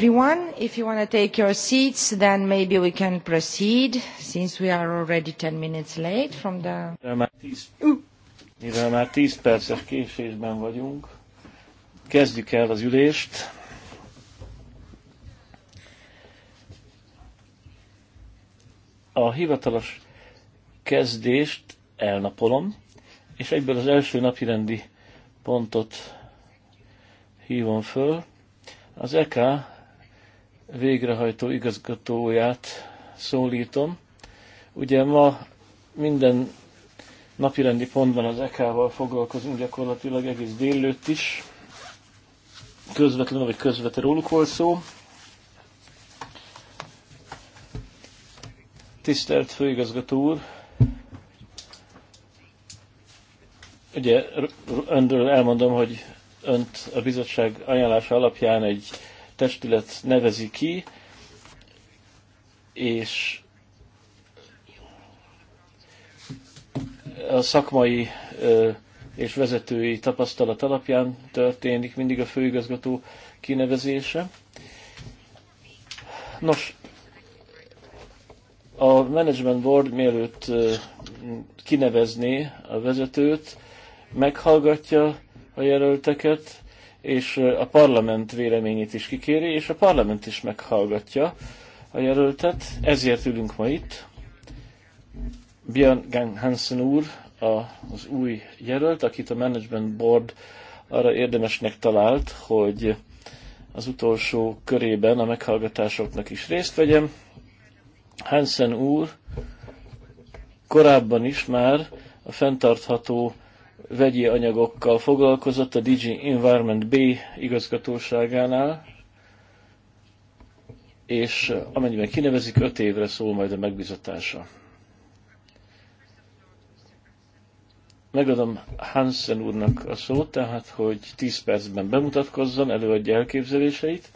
everyone. If you want to take your seats, then maybe we can proceed, since we are already 10 minutes late from the... Mivel már 10 perces késésben vagyunk, kezdjük el az ülést. A hivatalos kezdést elnapolom, és egyből az első napirendi pontot hívom föl. Az EK végrehajtó igazgatóját szólítom. Ugye ma minden napirendi pontban az EK-val foglalkozunk gyakorlatilag egész délőtt is. Közvetlenül vagy közvetlenül róluk volt szó. Tisztelt főigazgató úr! Ugye önről elmondom, hogy önt a bizottság ajánlása alapján egy testület nevezi ki, és a szakmai és vezetői tapasztalat alapján történik mindig a főigazgató kinevezése. Nos, a Management Board mielőtt kinevezné a vezetőt, meghallgatja a jelölteket, és a parlament véleményét is kikéri, és a parlament is meghallgatja a jelöltet. Ezért ülünk ma itt. Björn Hansen úr az új jelölt, akit a Management Board arra érdemesnek talált, hogy az utolsó körében a meghallgatásoknak is részt vegyem. Hansen úr korábban is már a fenntartható vegyi anyagokkal foglalkozott a DG Environment B igazgatóságánál, és amennyiben kinevezik, öt évre szól majd a megbizatása. Megadom Hansen úrnak a szót, tehát, hogy 10 percben bemutatkozzon, előadja elképzeléseit.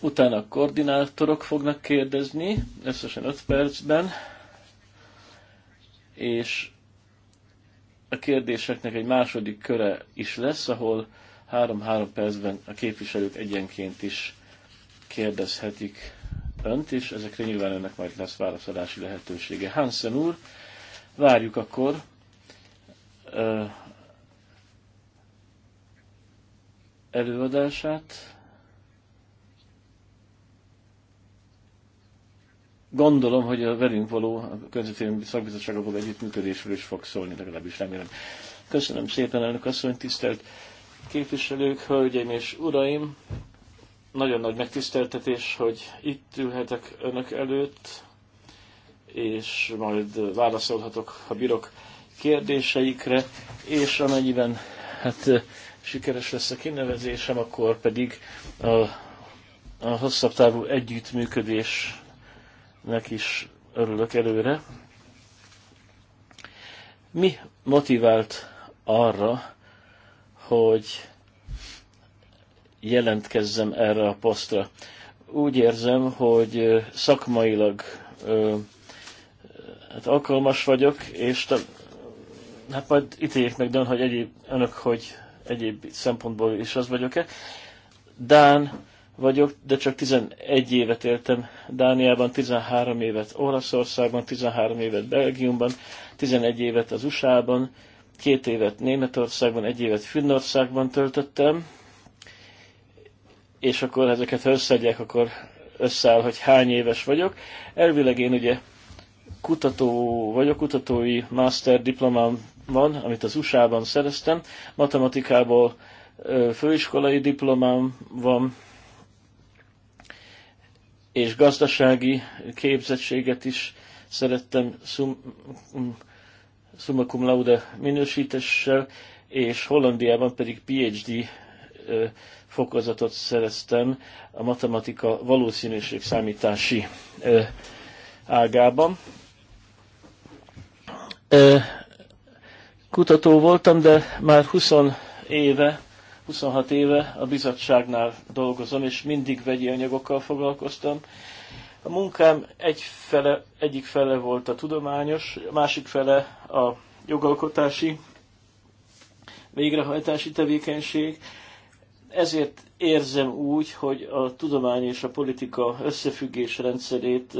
Utána a koordinátorok fognak kérdezni, összesen 5 percben, és a kérdéseknek egy második köre is lesz, ahol három-három percben a képviselők egyenként is kérdezhetik önt, és ezekre nyilván önnek majd lesz válaszadási lehetősége. Hansen úr, várjuk akkor előadását. gondolom, hogy a velünk való a környezetvédelmi szakbizottsággal való együttműködésről is fog szólni, legalábbis remélem. Köszönöm szépen, elnök asszony, tisztelt képviselők, hölgyeim és uraim! Nagyon nagy megtiszteltetés, hogy itt ülhetek önök előtt, és majd válaszolhatok, ha bírok, kérdéseikre, és amennyiben hát sikeres lesz a kinevezésem, akkor pedig a, a hosszabb távú együttműködés ennek is örülök előre. Mi motivált arra, hogy jelentkezzem erre a posztra? Úgy érzem, hogy szakmailag hát alkalmas vagyok, és hát majd ítéljék meg, de hogy egyéb, önök, hogy egyéb szempontból is az vagyok-e. Dán vagyok, de csak 11 évet éltem Dániában, 13 évet Olaszországban, 13 évet Belgiumban, 11 évet az USA-ban, két évet Németországban, egy évet Finnországban töltöttem, és akkor ezeket, ha összeadják, akkor összeáll, hogy hány éves vagyok. Elvileg én ugye kutató vagyok, kutatói master diplomám van, amit az USA-ban szereztem, matematikából főiskolai diplomám van, és gazdasági képzettséget is szerettem szum, mm, summa cum laude minősítéssel, és Hollandiában pedig PhD fokozatot szereztem a matematika valószínűség számítási ágában. Kutató voltam, de már 20 éve 26 éve a bizottságnál dolgozom, és mindig vegyi anyagokkal foglalkoztam. A munkám egy fele, egyik fele volt a tudományos, a másik fele a jogalkotási, végrehajtási tevékenység. Ezért érzem úgy, hogy a tudomány és a politika összefüggés rendszerét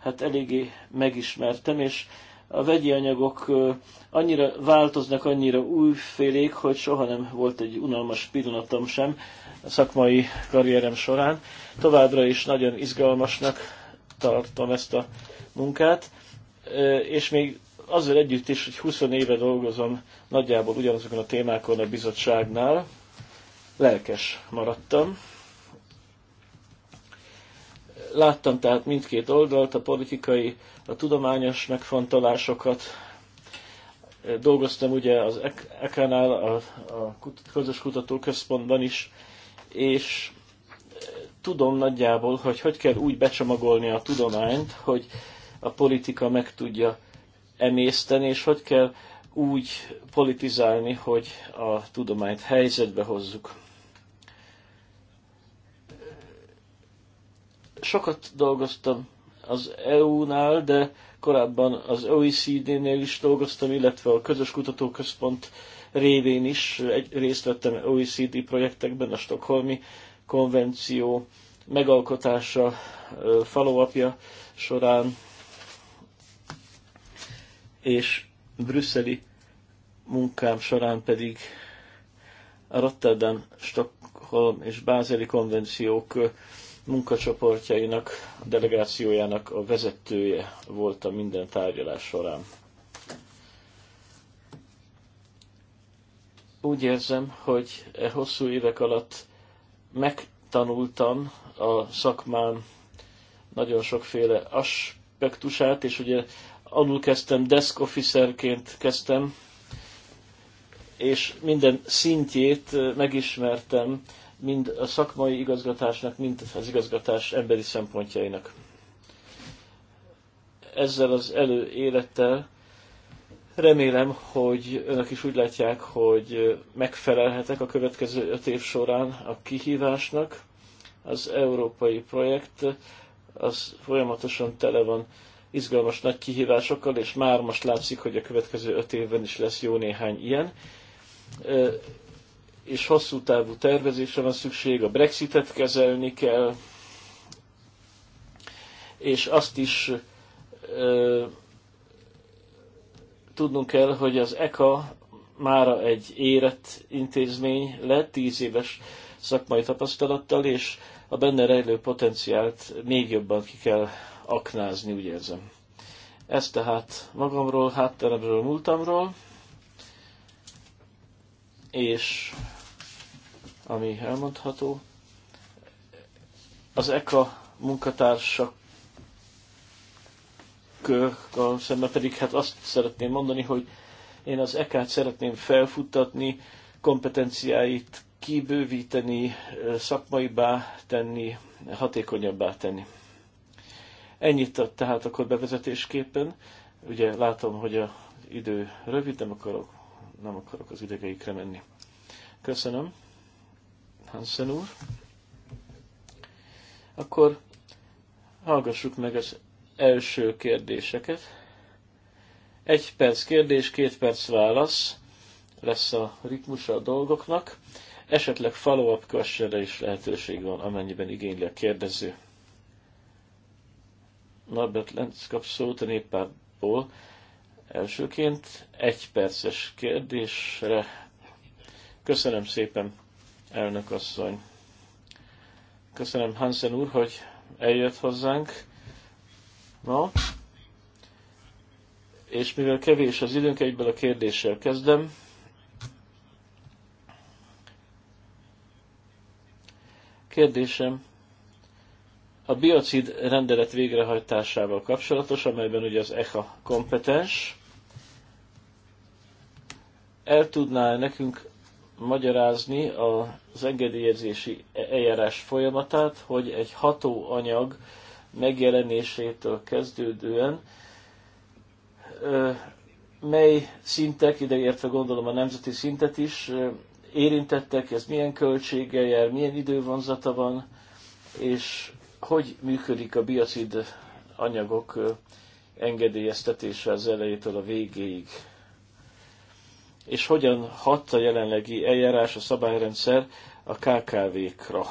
hát eléggé megismertem, és a vegyi anyagok annyira változnak, annyira újfélék, hogy soha nem volt egy unalmas pillanatom sem a szakmai karrierem során. Továbbra is nagyon izgalmasnak tartom ezt a munkát, és még azzal együtt is, hogy 20 éve dolgozom nagyjából ugyanazokon a témákon a bizottságnál, lelkes maradtam Láttam tehát mindkét oldalt, a politikai, a tudományos megfontolásokat. Dolgoztam ugye az EK-nál, e a, a Közös Kutatóközpontban is, és e, tudom nagyjából, hogy hogy kell úgy becsomagolni a tudományt, hogy a politika meg tudja emészteni, és hogy kell úgy politizálni, hogy a tudományt helyzetbe hozzuk. sokat dolgoztam az EU-nál, de korábban az OECD-nél is dolgoztam, illetve a Közös Kutatóközpont révén is egy, részt vettem OECD projektekben, a Stockholmi konvenció megalkotása, follow során, és brüsszeli munkám során pedig a Rotterdam, Stockholm és Bázeli konvenciók munkacsoportjainak, a delegációjának a vezetője volt a minden tárgyalás során. Úgy érzem, hogy e hosszú évek alatt megtanultam a szakmán nagyon sokféle aspektusát, és ugye alul kezdtem, desk officerként kezdtem, és minden szintjét megismertem mind a szakmai igazgatásnak, mind az igazgatás emberi szempontjainak. Ezzel az előélettel remélem, hogy önök is úgy látják, hogy megfelelhetek a következő öt év során a kihívásnak. Az európai projekt az folyamatosan tele van izgalmas nagy kihívásokkal, és már most látszik, hogy a következő öt évben is lesz jó néhány ilyen és hosszú távú tervezésre van szükség, a Brexitet kezelni kell, és azt is e, tudnunk kell, hogy az ECA mára egy érett intézmény lett, tíz éves szakmai tapasztalattal, és a benne rejlő potenciált még jobban ki kell aknázni, úgy érzem. Ez tehát magamról, hátteremről, múltamról és ami elmondható, az ECA munkatársak szemben pedig hát azt szeretném mondani, hogy én az EK-t szeretném felfuttatni, kompetenciáit kibővíteni, szakmaibá tenni, hatékonyabbá tenni. Ennyit tehát akkor bevezetésképpen. Ugye látom, hogy a idő rövid, nem akarok nem akarok az idegeikre menni. Köszönöm, Hansen úr. Akkor hallgassuk meg az első kérdéseket. Egy perc kérdés, két perc válasz lesz a ritmusa a dolgoknak. Esetleg follow-up questionre is lehetőség van, amennyiben igényli a kérdező. Norbert Lenz kap szót a néppártból. Elsőként egy perces kérdésre. Köszönöm szépen, elnök asszony. Köszönöm Hansen úr, hogy eljött hozzánk ma. És mivel kevés az időnk, egyből a kérdéssel kezdem. Kérdésem a biocid rendelet végrehajtásával kapcsolatos, amelyben ugye az ECHA kompetens. El tudná nekünk magyarázni az engedélyezési eljárás folyamatát, hogy egy hatóanyag megjelenésétől kezdődően mely szintek, ideértve gondolom a nemzeti szintet is, érintettek, ez milyen költséggel jár, milyen idővonzata van, és hogy működik a biocid anyagok engedélyeztetése az elejétől a végéig, és hogyan hat a jelenlegi eljárás, a szabályrendszer a KKV-kra.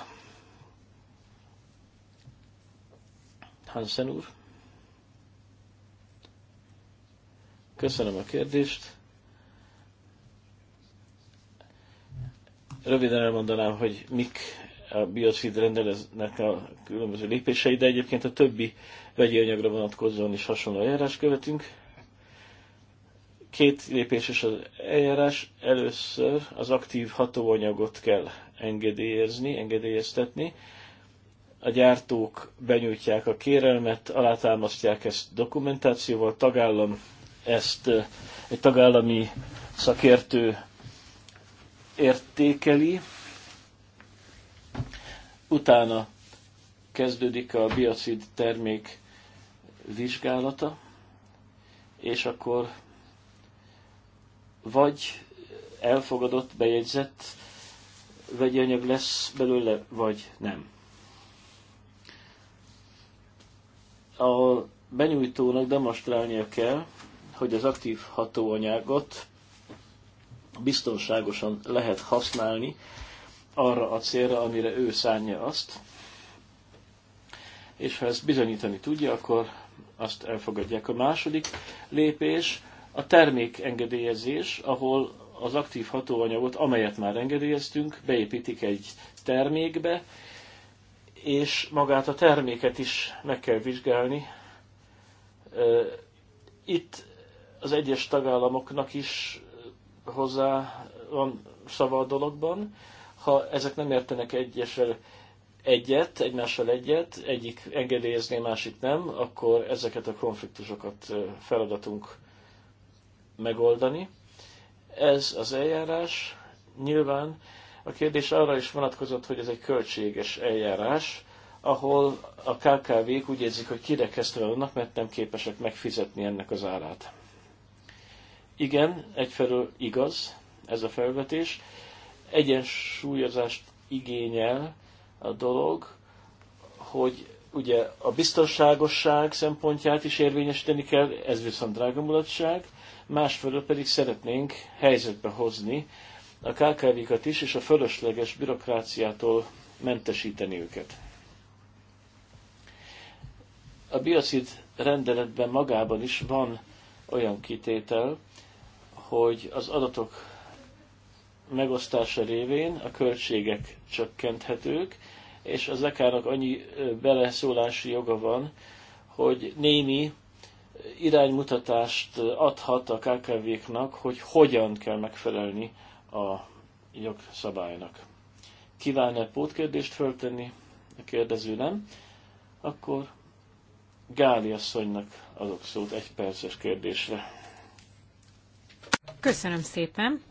Hansen úr. Köszönöm a kérdést. Röviden elmondanám, hogy mik a bioszid rendeleznek a különböző lépései, de egyébként a többi vegyi anyagra vonatkozóan is hasonló eljárás követünk. Két is az eljárás. Először az aktív hatóanyagot kell engedélyezni, engedélyeztetni. A gyártók benyújtják a kérelmet, alátámasztják ezt dokumentációval, tagállam ezt egy tagállami szakértő értékeli, Utána kezdődik a biocid termék vizsgálata, és akkor vagy elfogadott, bejegyzett vegyi anyag lesz belőle, vagy nem. A benyújtónak demonstrálnia kell, hogy az aktív hatóanyagot biztonságosan lehet használni arra a célra, amire ő szánja azt, és ha ezt bizonyítani tudja, akkor azt elfogadják. A második lépés a termékengedélyezés, ahol az aktív hatóanyagot, amelyet már engedélyeztünk, beépítik egy termékbe, és magát a terméket is meg kell vizsgálni. Itt az egyes tagállamoknak is hozzá van szava a dologban, ha ezek nem értenek egyesre egyet, egymással egyet, egyik engedélyezné, másik nem, akkor ezeket a konfliktusokat feladatunk megoldani. Ez az eljárás. Nyilván a kérdés arra is vonatkozott, hogy ez egy költséges eljárás, ahol a KKV-k úgy érzik, hogy kirekesztve vannak, mert nem képesek megfizetni ennek az árát. Igen, egyfelől igaz ez a felvetés, egyensúlyozást igényel a dolog, hogy ugye a biztonságosság szempontját is érvényesíteni kell, ez viszont drága mulatság, másfelől pedig szeretnénk helyzetbe hozni a KKV-kat is, és a fölösleges bürokráciától mentesíteni őket. A biocid rendeletben magában is van olyan kitétel, hogy az adatok megosztása révén a költségek csökkenthetők, és az ekának annyi beleszólási joga van, hogy némi iránymutatást adhat a KKV-knak, hogy hogyan kell megfelelni a jogszabálynak. Kíván-e pótkérdést föltenni? A kérdező nem. Akkor Gáli asszonynak adok szót egy perces kérdésre. Köszönöm szépen.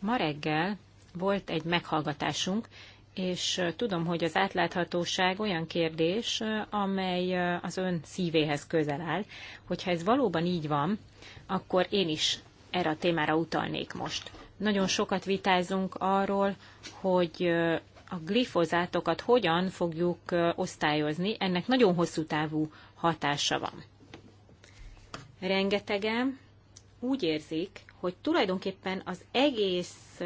Ma reggel volt egy meghallgatásunk, és tudom, hogy az átláthatóság olyan kérdés, amely az ön szívéhez közel áll. Hogyha ez valóban így van, akkor én is erre a témára utalnék most. Nagyon sokat vitázunk arról, hogy a glifozátokat hogyan fogjuk osztályozni, ennek nagyon hosszú távú hatása van. Rengetegen úgy érzik, hogy tulajdonképpen az egész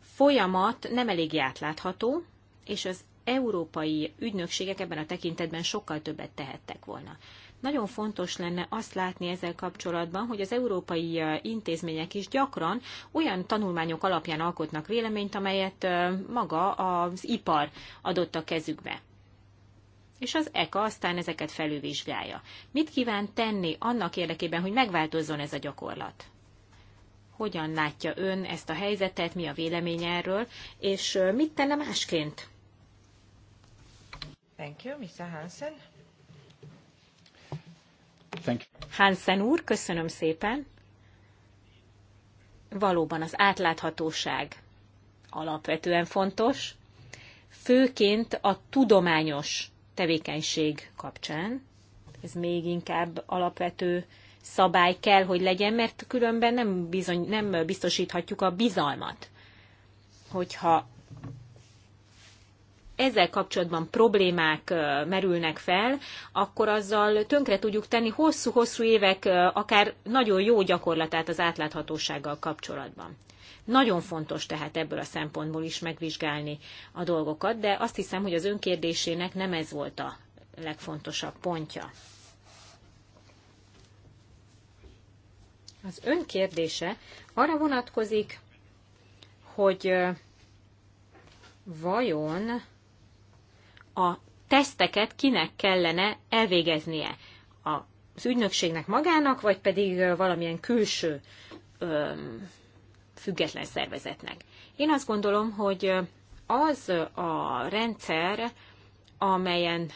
folyamat nem elég átlátható, és az európai ügynökségek ebben a tekintetben sokkal többet tehettek volna. Nagyon fontos lenne azt látni ezzel kapcsolatban, hogy az európai intézmények is gyakran olyan tanulmányok alapján alkotnak véleményt, amelyet maga az ipar adott a kezükbe és az ECA aztán ezeket felülvizsgálja. Mit kíván tenni annak érdekében, hogy megváltozzon ez a gyakorlat? Hogyan látja ön ezt a helyzetet, mi a vélemény erről, és mit tenne másként? Thank you, Mr. Hansen. Thank you. Hansen úr, köszönöm szépen. Valóban az átláthatóság alapvetően fontos, főként a tudományos tevékenység kapcsán. Ez még inkább alapvető szabály kell, hogy legyen, mert különben nem, bizony, nem biztosíthatjuk a bizalmat. Hogyha ezzel kapcsolatban problémák merülnek fel, akkor azzal tönkre tudjuk tenni hosszú-hosszú évek, akár nagyon jó gyakorlatát az átláthatósággal kapcsolatban. Nagyon fontos tehát ebből a szempontból is megvizsgálni a dolgokat, de azt hiszem, hogy az önkérdésének nem ez volt a legfontosabb pontja. Az önkérdése arra vonatkozik, hogy vajon a teszteket kinek kellene elvégeznie? Az ügynökségnek magának, vagy pedig valamilyen külső független szervezetnek. Én azt gondolom, hogy az a rendszer, amelyen,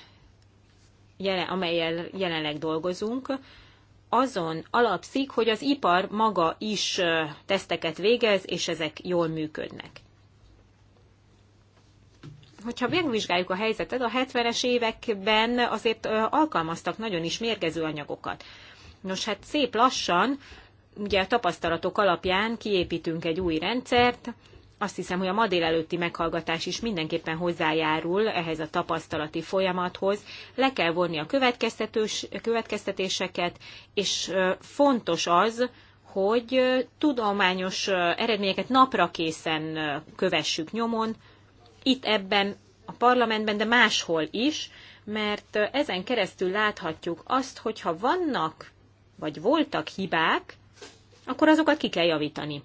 jelen, amelyen jelenleg dolgozunk, azon alapszik, hogy az ipar maga is teszteket végez, és ezek jól működnek. Hogyha megvizsgáljuk a helyzetet, a 70-es években azért alkalmaztak nagyon is mérgező anyagokat. Nos, hát szép lassan ugye a tapasztalatok alapján kiépítünk egy új rendszert, azt hiszem, hogy a ma délelőtti meghallgatás is mindenképpen hozzájárul ehhez a tapasztalati folyamathoz. Le kell vonni a következtetéseket, és fontos az, hogy tudományos eredményeket napra készen kövessük nyomon, itt ebben a parlamentben, de máshol is, mert ezen keresztül láthatjuk azt, hogyha vannak vagy voltak hibák, akkor azokat ki kell javítani.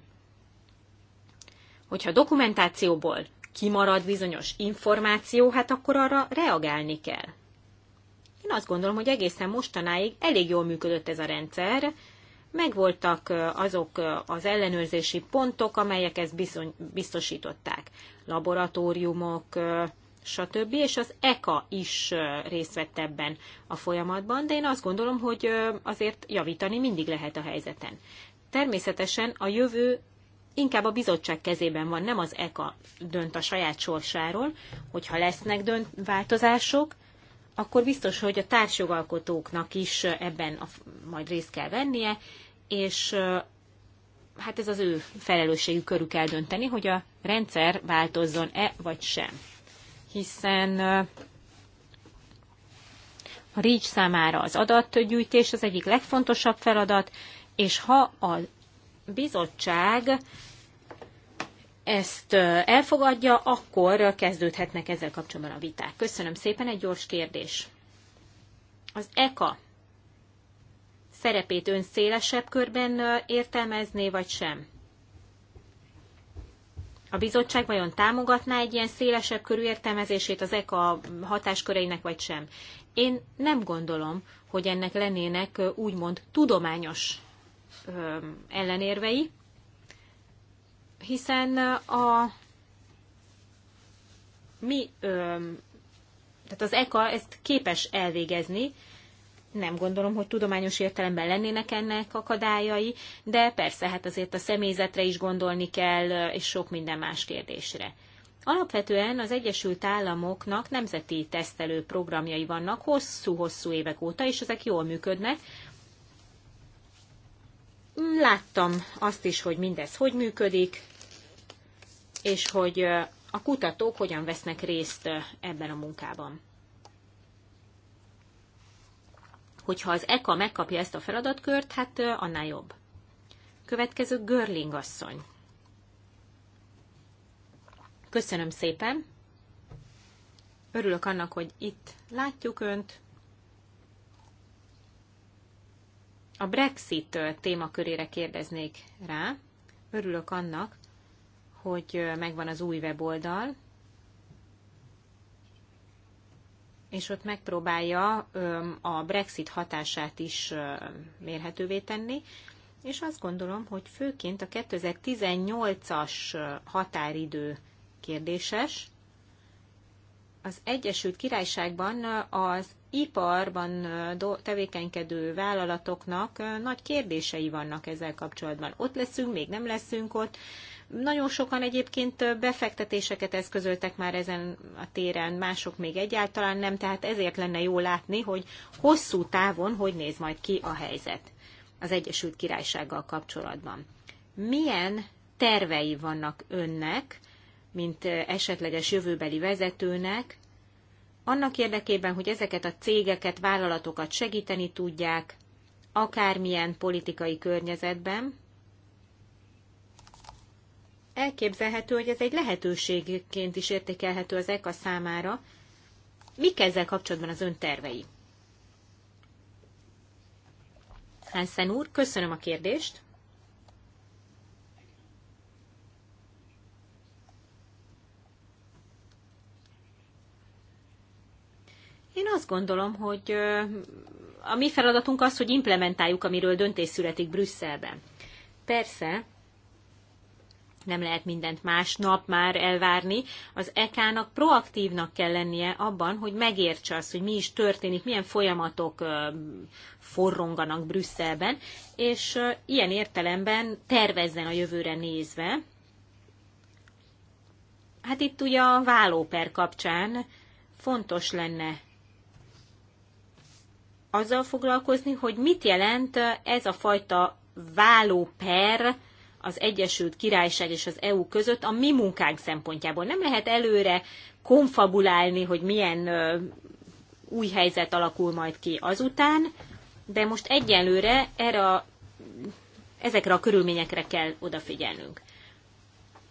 Hogyha dokumentációból kimarad bizonyos információ, hát akkor arra reagálni kell. Én azt gondolom, hogy egészen mostanáig elég jól működött ez a rendszer, megvoltak azok az ellenőrzési pontok, amelyek ezt bizony, biztosították. Laboratóriumok, stb. És az ECA is részt vett ebben a folyamatban, de én azt gondolom, hogy azért javítani mindig lehet a helyzeten természetesen a jövő inkább a bizottság kezében van, nem az ECA dönt a saját sorsáról, hogyha lesznek dönt változások, akkor biztos, hogy a társjogalkotóknak is ebben a, majd részt kell vennie, és hát ez az ő felelősségű körük dönteni, hogy a rendszer változzon-e vagy sem. Hiszen a REACH számára az adatgyűjtés az egyik legfontosabb feladat, és ha a bizottság ezt elfogadja, akkor kezdődhetnek ezzel kapcsolatban a viták. Köszönöm szépen, egy gyors kérdés. Az ECA szerepét ön szélesebb körben értelmezné, vagy sem? A bizottság vajon támogatná egy ilyen szélesebb körű értelmezését az ECA hatásköreinek, vagy sem? Én nem gondolom, hogy ennek lennének úgymond tudományos ellenérvei, hiszen a mi, tehát az ECA ezt képes elvégezni, nem gondolom, hogy tudományos értelemben lennének ennek akadályai, de persze, hát azért a személyzetre is gondolni kell, és sok minden más kérdésre. Alapvetően az Egyesült Államoknak nemzeti tesztelő programjai vannak hosszú-hosszú évek óta, és ezek jól működnek, Láttam azt is, hogy mindez hogy működik, és hogy a kutatók hogyan vesznek részt ebben a munkában. Hogyha az ECA megkapja ezt a feladatkört, hát annál jobb. Következő Görling asszony. Köszönöm szépen. Örülök annak, hogy itt látjuk Önt. A Brexit témakörére kérdeznék rá. Örülök annak, hogy megvan az új weboldal, és ott megpróbálja a Brexit hatását is mérhetővé tenni, és azt gondolom, hogy főként a 2018-as határidő kérdéses. Az Egyesült Királyságban az iparban tevékenykedő vállalatoknak nagy kérdései vannak ezzel kapcsolatban. Ott leszünk, még nem leszünk ott. Nagyon sokan egyébként befektetéseket eszközöltek már ezen a téren, mások még egyáltalán nem, tehát ezért lenne jó látni, hogy hosszú távon hogy néz majd ki a helyzet az Egyesült Királysággal kapcsolatban. Milyen tervei vannak önnek, mint esetleges jövőbeli vezetőnek, annak érdekében, hogy ezeket a cégeket, vállalatokat segíteni tudják, akármilyen politikai környezetben, elképzelhető, hogy ez egy lehetőségként is értékelhető az EKA számára. Mik ezzel kapcsolatban az ön tervei? Hansen úr, köszönöm a kérdést. Én azt gondolom, hogy a mi feladatunk az, hogy implementáljuk, amiről döntés születik Brüsszelben. Persze, nem lehet mindent másnap már elvárni. Az EK-nak proaktívnak kell lennie abban, hogy megértse azt, hogy mi is történik, milyen folyamatok forronganak Brüsszelben, és ilyen értelemben tervezzen a jövőre nézve. Hát itt ugye a vállóper kapcsán fontos lenne azzal foglalkozni, hogy mit jelent ez a fajta válóper az Egyesült Királyság és az EU között a mi munkánk szempontjából. Nem lehet előre konfabulálni, hogy milyen új helyzet alakul majd ki azután, de most egyelőre erre a, ezekre a körülményekre kell odafigyelnünk.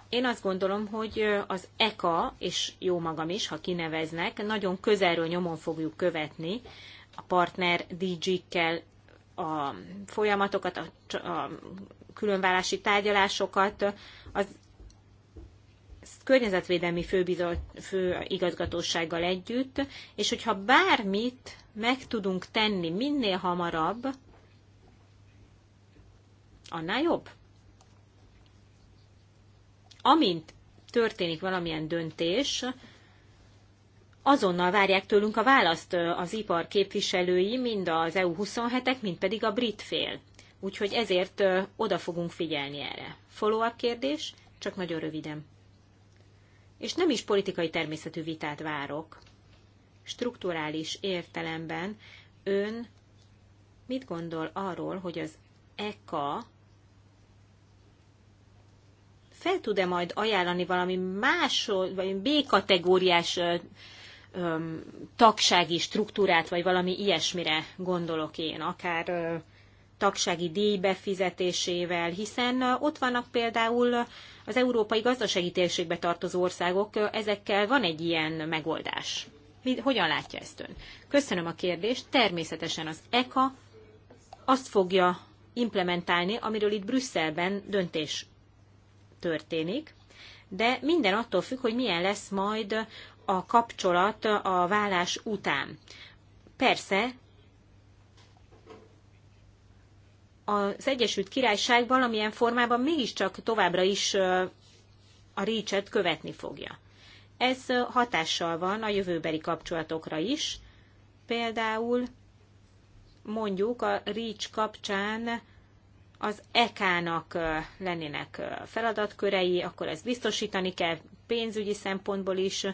Én azt gondolom, hogy az ECA, és jó magam is, ha kineveznek, nagyon közelről nyomon fogjuk követni a partner DG-kkel a folyamatokat, a, a különválási tárgyalásokat, az környezetvédelmi főbizot, főigazgatósággal együtt, és hogyha bármit meg tudunk tenni minél hamarabb, annál jobb. Amint történik valamilyen döntés, azonnal várják tőlünk a választ az ipar képviselői, mind az EU27-ek, mind pedig a brit fél. Úgyhogy ezért oda fogunk figyelni erre. Follow-up kérdés, csak nagyon röviden. És nem is politikai természetű vitát várok. Strukturális értelemben ön mit gondol arról, hogy az ECA fel tud-e majd ajánlani valami más, vagy B-kategóriás öm, tagsági struktúrát, vagy valami ilyesmire gondolok én, akár ö, tagsági díj befizetésével, hiszen ott vannak például az európai gazdasági térségbe tartozó országok, ezekkel van egy ilyen megoldás. Mi, hogyan látja ezt ön? Köszönöm a kérdést. Természetesen az ECA azt fogja implementálni, amiről itt Brüsszelben döntés történik, de minden attól függ, hogy milyen lesz majd a kapcsolat a vállás után. Persze, az Egyesült Királyság valamilyen formában mégiscsak továbbra is a Récset követni fogja. Ez hatással van a jövőbeli kapcsolatokra is. Például mondjuk a Rics kapcsán az EK-nak lennének feladatkörei, akkor ezt biztosítani kell, pénzügyi szempontból is.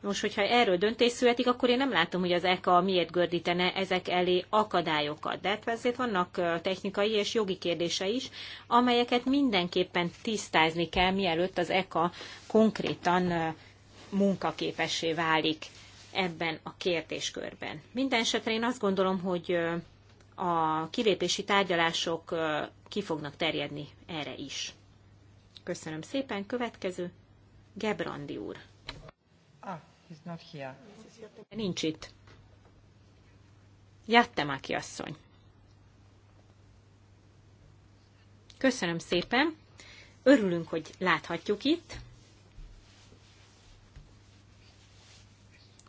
Most, hogyha erről döntés születik, akkor én nem látom, hogy az ECA miért gördítene ezek elé akadályokat. De hát ezért vannak technikai és jogi kérdése is, amelyeket mindenképpen tisztázni kell, mielőtt az ECA konkrétan munkaképessé válik ebben a kérdéskörben. Minden esetre én azt gondolom, hogy a kilépési tárgyalások ki fognak terjedni erre is. Köszönöm szépen, következő Gebrandi úr. Ah, he's not here. Nincs itt. Jattemáki asszony. Köszönöm szépen. Örülünk, hogy láthatjuk itt.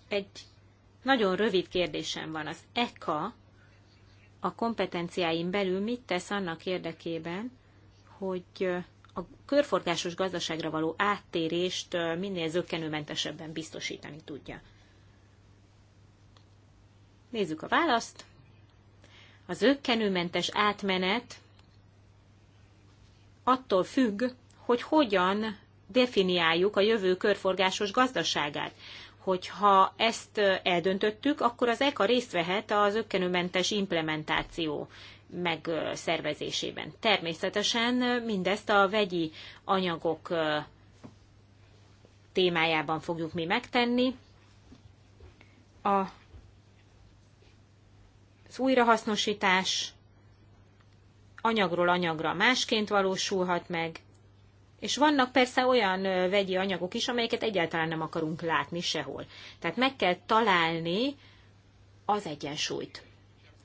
Egy nagyon rövid kérdésem van. Az ECA a kompetenciáim belül mit tesz annak érdekében, hogy a körforgásos gazdaságra való áttérést minél zöggenőmentesebben biztosítani tudja. Nézzük a választ. A zöggenőmentes átmenet attól függ, hogy hogyan definiáljuk a jövő körforgásos gazdaságát. Hogyha ezt eldöntöttük, akkor az ECA részt vehet az ökkenőmentes implementáció megszervezésében. Természetesen mindezt a vegyi anyagok témájában fogjuk mi megtenni. A, az újrahasznosítás anyagról anyagra másként valósulhat meg, és vannak persze olyan vegyi anyagok is, amelyeket egyáltalán nem akarunk látni sehol. Tehát meg kell találni az egyensúlyt.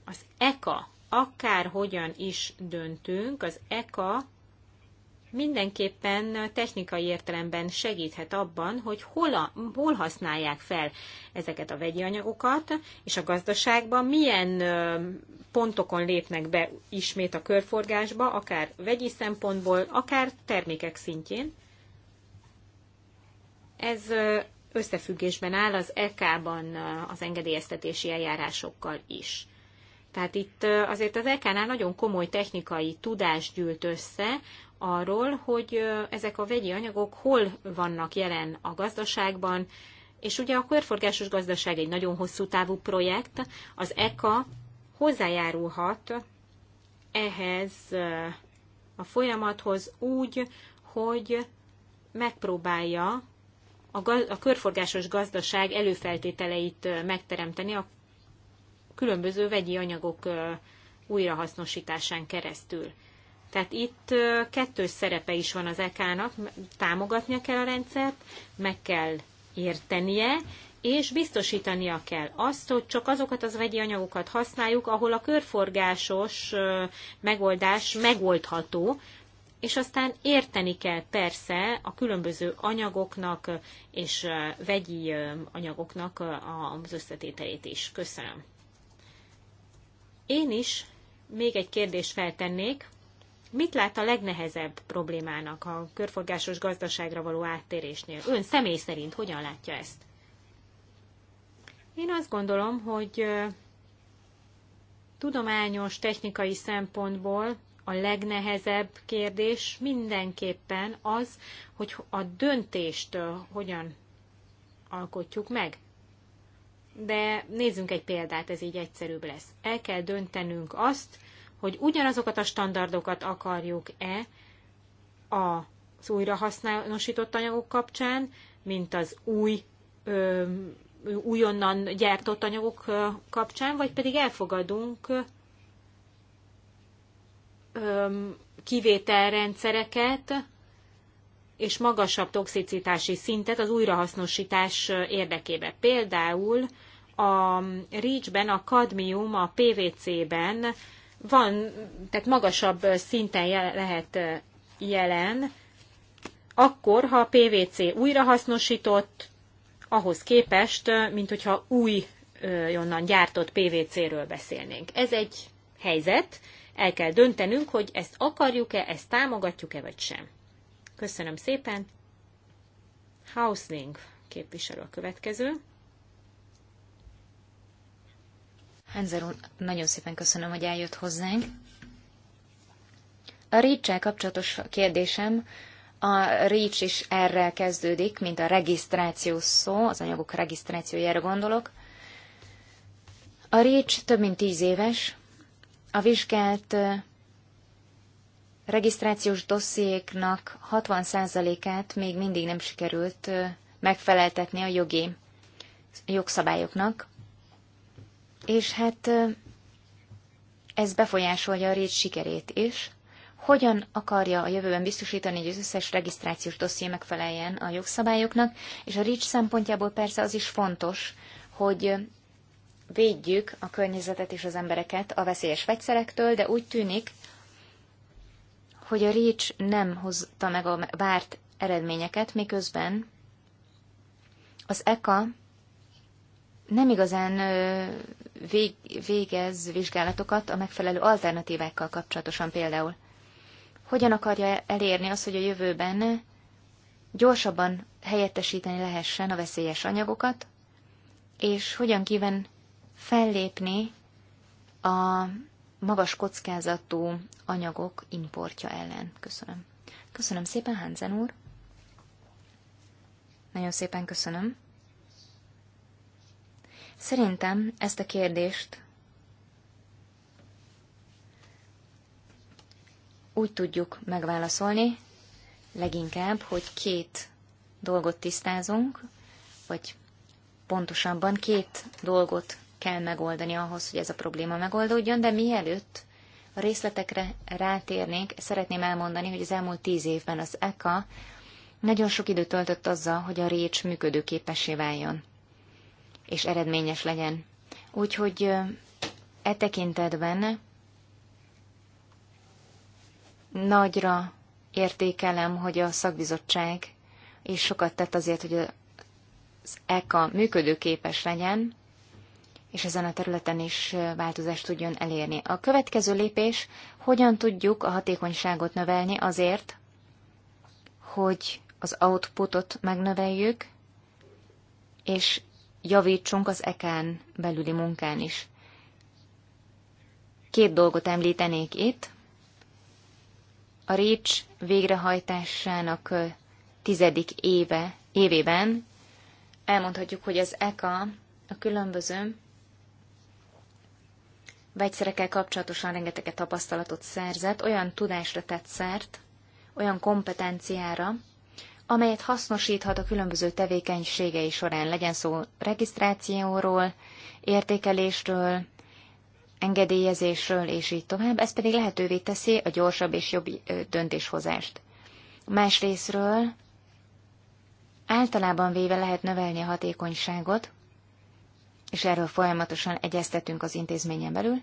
Az ECA akárhogyan is döntünk, az ECA mindenképpen technikai értelemben segíthet abban, hogy hol, a, hol használják fel ezeket a vegyi anyagokat, és a gazdaságban milyen pontokon lépnek be ismét a körforgásba, akár vegyi szempontból, akár termékek szintjén. Ez összefüggésben áll az EK-ban az engedélyeztetési eljárásokkal is. Tehát itt azért az EK-nál nagyon komoly technikai tudás gyűlt össze arról, hogy ezek a vegyi anyagok hol vannak jelen a gazdaságban, és ugye a körforgásos gazdaság egy nagyon hosszú távú projekt, az ECA hozzájárulhat ehhez a folyamathoz úgy, hogy megpróbálja a, a körforgásos gazdaság előfeltételeit megteremteni a különböző vegyi anyagok újrahasznosításán keresztül. Tehát itt kettős szerepe is van az EK-nak, támogatnia kell a rendszert, meg kell értenie, és biztosítania kell azt, hogy csak azokat az vegyi anyagokat használjuk, ahol a körforgásos megoldás megoldható, és aztán érteni kell persze a különböző anyagoknak és vegyi anyagoknak az összetételét is. Köszönöm. Én is még egy kérdést feltennék. Mit lát a legnehezebb problémának a körforgásos gazdaságra való áttérésnél? Ön személy szerint hogyan látja ezt? Én azt gondolom, hogy tudományos, technikai szempontból a legnehezebb kérdés mindenképpen az, hogy a döntést hogyan alkotjuk meg de nézzünk egy példát, ez így egyszerűbb lesz. El kell döntenünk azt, hogy ugyanazokat a standardokat akarjuk-e az újrahasznosított anyagok kapcsán, mint az új, ö, újonnan gyártott anyagok kapcsán, vagy pedig elfogadunk ö, kivételrendszereket, és magasabb toxicitási szintet az újrahasznosítás érdekében. Például a REACH-ben a kadmium a PVC-ben van, tehát magasabb szinten lehet jelen, akkor, ha a PVC újrahasznosított, ahhoz képest, mint hogyha új onnan gyártott PVC-ről beszélnénk. Ez egy helyzet, el kell döntenünk, hogy ezt akarjuk-e, ezt támogatjuk-e, vagy sem. Köszönöm szépen. Hausling képviselő a következő. Hanzer úr, nagyon szépen köszönöm, hogy eljött hozzánk. A reach kapcsolatos kérdésem, a REACH is erre kezdődik, mint a regisztráció szó, az anyagok regisztrációjára gondolok. A REACH több mint tíz éves. A vizsgált regisztrációs dossziéknak 60%-át még mindig nem sikerült megfeleltetni a jogi jogszabályoknak, és hát ez befolyásolja a rét sikerét is. Hogyan akarja a jövőben biztosítani, hogy az összes regisztrációs dosszié megfeleljen a jogszabályoknak, és a REACH szempontjából persze az is fontos, hogy védjük a környezetet és az embereket a veszélyes vegyszerektől, de úgy tűnik, hogy a REACH nem hozta meg a várt eredményeket, miközben az ECA nem igazán végez vizsgálatokat a megfelelő alternatívákkal kapcsolatosan például. Hogyan akarja elérni azt, hogy a jövőben gyorsabban helyettesíteni lehessen a veszélyes anyagokat, és hogyan kíván fellépni a magas kockázatú anyagok importja ellen. Köszönöm. Köszönöm szépen, Hansen úr. Nagyon szépen köszönöm. Szerintem ezt a kérdést úgy tudjuk megválaszolni, leginkább, hogy két dolgot tisztázunk, vagy pontosabban két dolgot kell megoldani ahhoz, hogy ez a probléma megoldódjon, de mielőtt a részletekre rátérnénk, szeretném elmondani, hogy az elmúlt tíz évben az ECA nagyon sok időt töltött azzal, hogy a récs működőképessé váljon, és eredményes legyen. Úgyhogy e tekintetben nagyra értékelem, hogy a szakbizottság és sokat tett azért, hogy az ECA működőképes legyen, és ezen a területen is változást tudjon elérni. A következő lépés, hogyan tudjuk a hatékonyságot növelni azért, hogy az outputot megnöveljük, és javítsunk az ekán belüli munkán is. Két dolgot említenék itt. A REACH végrehajtásának tizedik éve, évében elmondhatjuk, hogy az ECA a különböző vegyszerekkel kapcsolatosan rengeteg tapasztalatot szerzett, olyan tudásra tett szert, olyan kompetenciára, amelyet hasznosíthat a különböző tevékenységei során, legyen szó regisztrációról, értékelésről, engedélyezésről, és így tovább, ez pedig lehetővé teszi a gyorsabb és jobb döntéshozást. Másrésztről általában véve lehet növelni a hatékonyságot, és erről folyamatosan egyeztetünk az intézményen belül,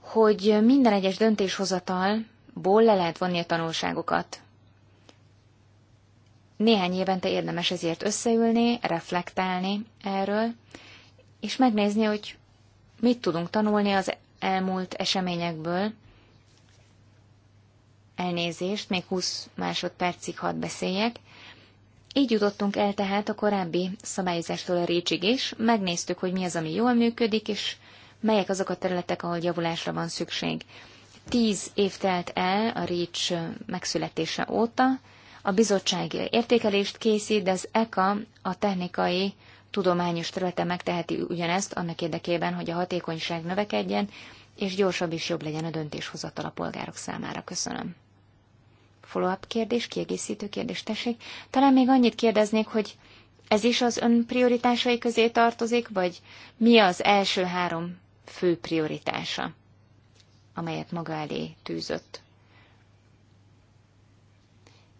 hogy minden egyes döntéshozatalból le lehet vonni a tanulságokat. Néhány évente érdemes ezért összeülni, reflektálni erről, és megnézni, hogy mit tudunk tanulni az elmúlt eseményekből. Elnézést, még 20 másodpercig hadd beszéljek. Így jutottunk el tehát a korábbi szabályozástól a récsig is, megnéztük, hogy mi az, ami jól működik, és melyek azok a területek, ahol javulásra van szükség. Tíz év telt el a récs megszületése óta, a bizottság értékelést készít, de az ECA a technikai tudományos területe megteheti ugyanezt annak érdekében, hogy a hatékonyság növekedjen, és gyorsabb és jobb legyen a döntéshozatal a polgárok számára. Köszönöm. Follow-up kérdés, kiegészítő kérdés, tessék. Talán még annyit kérdeznék, hogy ez is az ön prioritásai közé tartozik, vagy mi az első három fő prioritása, amelyet maga elé tűzött?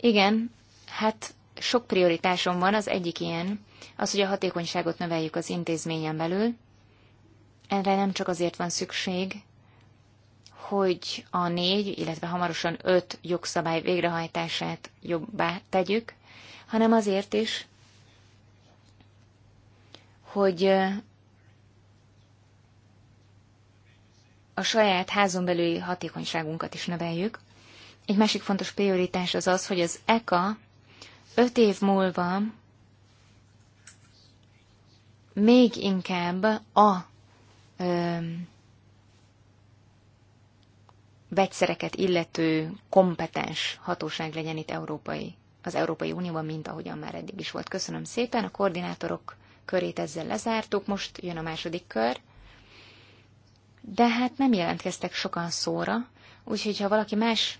Igen, hát sok prioritásom van, az egyik ilyen, az, hogy a hatékonyságot növeljük az intézményen belül. Erre nem csak azért van szükség, hogy a négy, illetve hamarosan öt jogszabály végrehajtását jobbá tegyük, hanem azért is, hogy a saját házon belüli hatékonyságunkat is növeljük. Egy másik fontos prioritás az az, hogy az ECA öt év múlva még inkább a ö, vegyszereket illető kompetens hatóság legyen itt európai, az Európai Unióban, mint ahogyan már eddig is volt. Köszönöm szépen, a koordinátorok körét ezzel lezártuk, most jön a második kör. De hát nem jelentkeztek sokan szóra, úgyhogy ha valaki más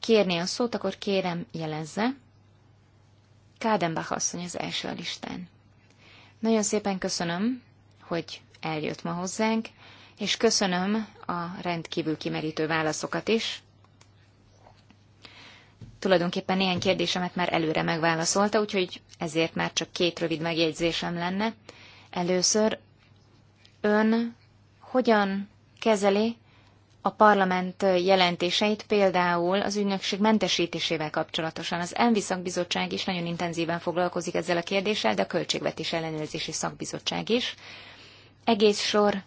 kérné a szót, akkor kérem jelezze. Kádenbach asszony az első a listán. Nagyon szépen köszönöm, hogy eljött ma hozzánk és köszönöm a rendkívül kimerítő válaszokat is. Tulajdonképpen néhány kérdésemet már előre megválaszolta, úgyhogy ezért már csak két rövid megjegyzésem lenne. Először ön hogyan kezeli a parlament jelentéseit, például az ügynökség mentesítésével kapcsolatosan. Az ENVI szakbizottság is nagyon intenzíven foglalkozik ezzel a kérdéssel, de a Költségvetés Ellenőrzési Szakbizottság is. Egész sor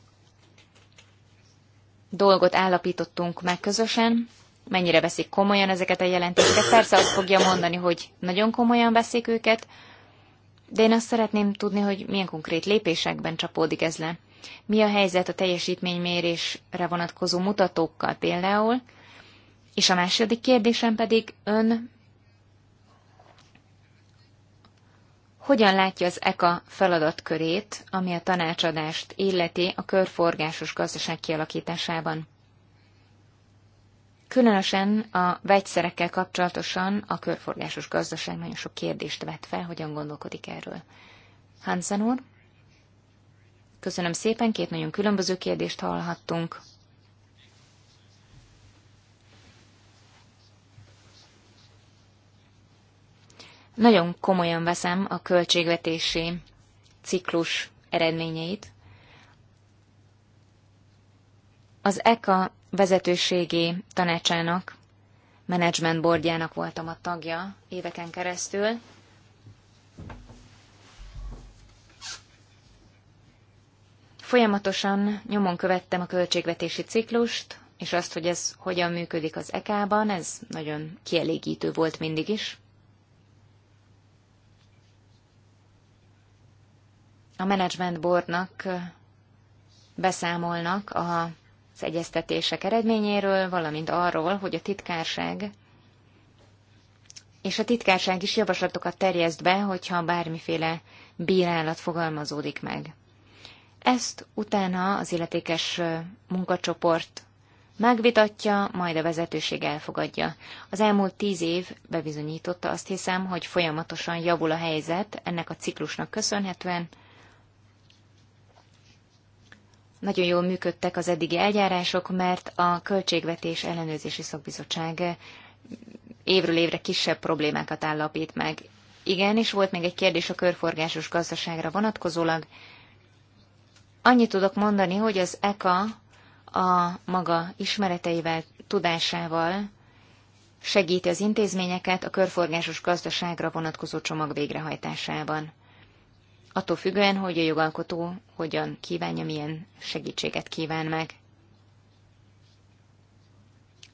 dolgot állapítottunk meg közösen, mennyire veszik komolyan ezeket a jelentéseket. Persze azt fogja mondani, hogy nagyon komolyan veszik őket, de én azt szeretném tudni, hogy milyen konkrét lépésekben csapódik ez le. Mi a helyzet a teljesítménymérésre vonatkozó mutatókkal például? És a második kérdésem pedig ön Hogyan látja az ECA feladatkörét, ami a tanácsadást illeti a körforgásos gazdaság kialakításában? Különösen a vegyszerekkel kapcsolatosan a körforgásos gazdaság nagyon sok kérdést vet fel, hogyan gondolkodik erről. Hansen úr, köszönöm szépen, két nagyon különböző kérdést hallhattunk. Nagyon komolyan veszem a költségvetési ciklus eredményeit. Az ECA vezetőségi tanácsának, management boardjának voltam a tagja éveken keresztül, Folyamatosan nyomon követtem a költségvetési ciklust, és azt, hogy ez hogyan működik az EK-ban, ez nagyon kielégítő volt mindig is. a Management Boardnak beszámolnak az egyeztetések eredményéről, valamint arról, hogy a titkárság és a titkárság is javaslatokat terjeszt be, hogyha bármiféle bírálat fogalmazódik meg. Ezt utána az illetékes munkacsoport megvitatja, majd a vezetőség elfogadja. Az elmúlt tíz év bebizonyította azt hiszem, hogy folyamatosan javul a helyzet ennek a ciklusnak köszönhetően, nagyon jól működtek az eddigi eljárások, mert a Költségvetés Ellenőrzési Szakbizottság évről évre kisebb problémákat állapít meg. Igen, és volt még egy kérdés a körforgásos gazdaságra vonatkozólag. Annyit tudok mondani, hogy az ECA a maga ismereteivel, tudásával segíti az intézményeket a körforgásos gazdaságra vonatkozó csomag végrehajtásában attól függően, hogy a jogalkotó hogyan kívánja, milyen segítséget kíván meg.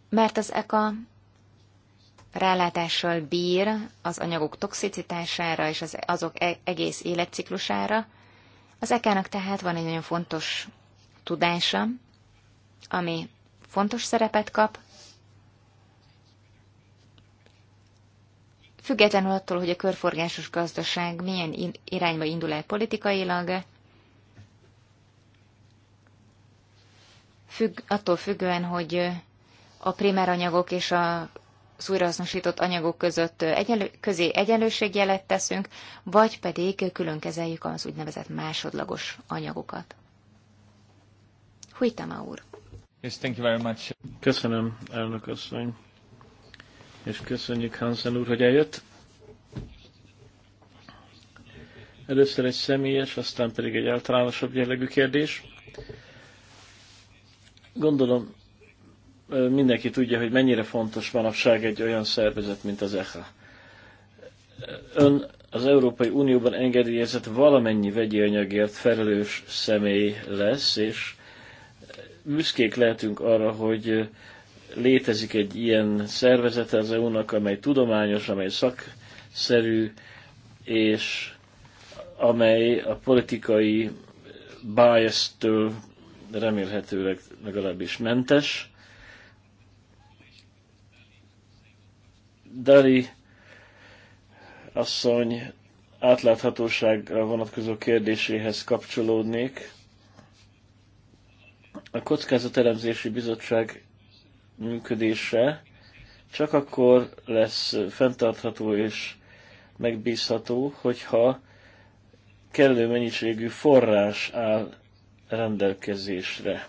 Mert az ECA rálátással bír az anyagok toxicitására és az, azok e- egész életciklusára. Az ECA-nak tehát van egy nagyon fontos tudása, ami fontos szerepet kap, Függetlenül attól, hogy a körforgásos gazdaság milyen irányba indul el politikailag, függ, attól függően, hogy a primer anyagok és a az újrahasznosított anyagok között egyenlő, közé egyenlőségjelet teszünk, vagy pedig külön kezeljük az úgynevezett másodlagos anyagokat. Hújtama úr. Yes, thank you very much. Köszönöm, elnök asszony és köszönjük Hansen úr, hogy eljött. Először egy személyes, aztán pedig egy általánosabb jellegű kérdés. Gondolom, mindenki tudja, hogy mennyire fontos manapság egy olyan szervezet, mint az ECHA. Ön az Európai Unióban engedélyezett valamennyi vegyi anyagért felelős személy lesz, és büszkék lehetünk arra, hogy létezik egy ilyen szervezete az EU-nak, amely tudományos, amely szakszerű, és amely a politikai bias-től remélhetőleg legalábbis mentes. Dari asszony átláthatóságra vonatkozó kérdéséhez kapcsolódnék. A Kockázatelemzési Bizottság működése csak akkor lesz fenntartható és megbízható, hogyha kellő mennyiségű forrás áll rendelkezésre.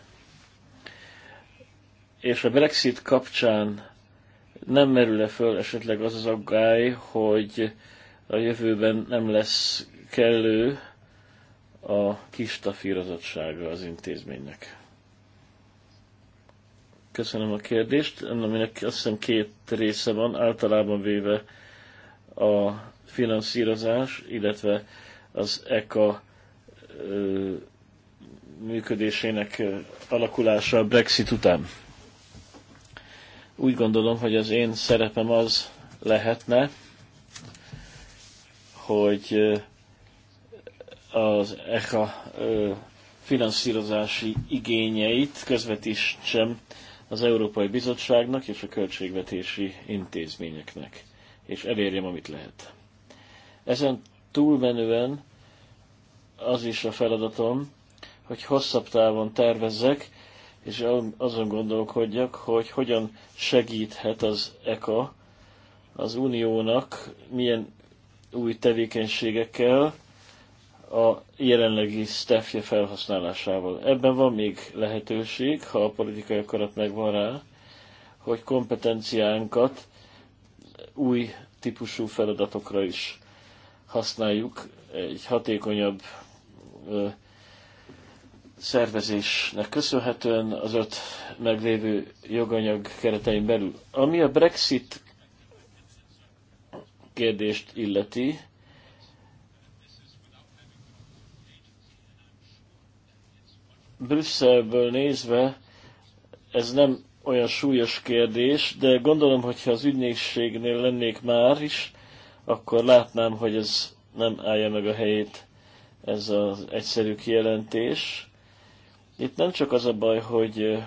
És a Brexit kapcsán nem merül-e föl esetleg az az aggály, hogy a jövőben nem lesz kellő a kis tafírozottsága az intézménynek? Köszönöm a kérdést, aminek azt hiszem két része van, általában véve a finanszírozás, illetve az ECA működésének alakulása a Brexit után. Úgy gondolom, hogy az én szerepem az lehetne, hogy az ECA finanszírozási igényeit közvetítsem az Európai Bizottságnak és a költségvetési intézményeknek, és elérjem, amit lehet. Ezen túlmenően az is a feladatom, hogy hosszabb távon tervezzek, és azon gondolkodjak, hogy hogyan segíthet az ECA az uniónak, milyen új tevékenységekkel, a jelenlegi staffje felhasználásával. Ebben van még lehetőség, ha a politikai akarat megvan rá, hogy kompetenciánkat új típusú feladatokra is használjuk egy hatékonyabb ö, szervezésnek köszönhetően az öt meglévő joganyag keretein belül. Ami a Brexit kérdést illeti, Brüsszelből nézve ez nem olyan súlyos kérdés, de gondolom, hogyha az ügynökségnél lennék már is, akkor látnám, hogy ez nem állja meg a helyét, ez az egyszerű kijelentés. Itt nem csak az a baj, hogy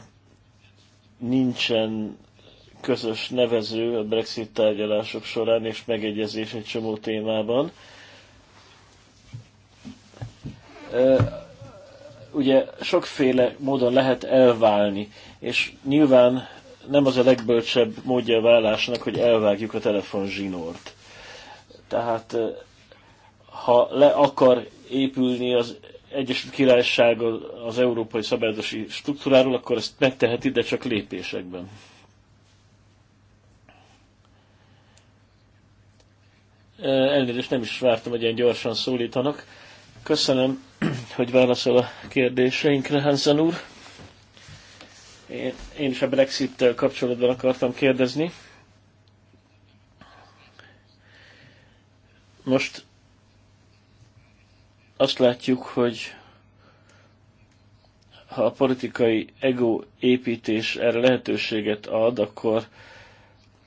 nincsen közös nevező a Brexit tárgyalások során, és megegyezés egy csomó témában ugye sokféle módon lehet elválni, és nyilván nem az a legbölcsebb módja a vállásnak, hogy elvágjuk a telefonzsinort. Tehát ha le akar épülni az Egyesült Királyság az európai szabályozási struktúráról, akkor ezt megteheti, de csak lépésekben. Elnézést, nem is vártam, hogy ilyen gyorsan szólítanak. Köszönöm, hogy válaszol a kérdéseinkre, Hansen úr. Én, én is a brexit kapcsolatban akartam kérdezni. Most azt látjuk, hogy ha a politikai ego építés erre lehetőséget ad, akkor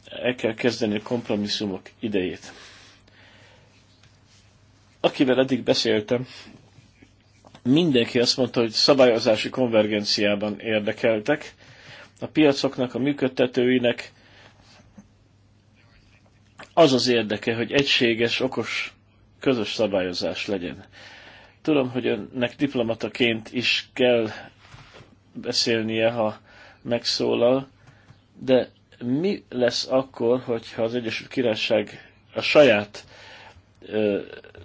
el kell kezdeni a kompromisszumok idejét akivel eddig beszéltem, mindenki azt mondta, hogy szabályozási konvergenciában érdekeltek, a piacoknak, a működtetőinek az az érdeke, hogy egységes, okos, közös szabályozás legyen. Tudom, hogy önnek diplomataként is kell beszélnie, ha megszólal, de mi lesz akkor, hogyha az Egyesült Királyság a saját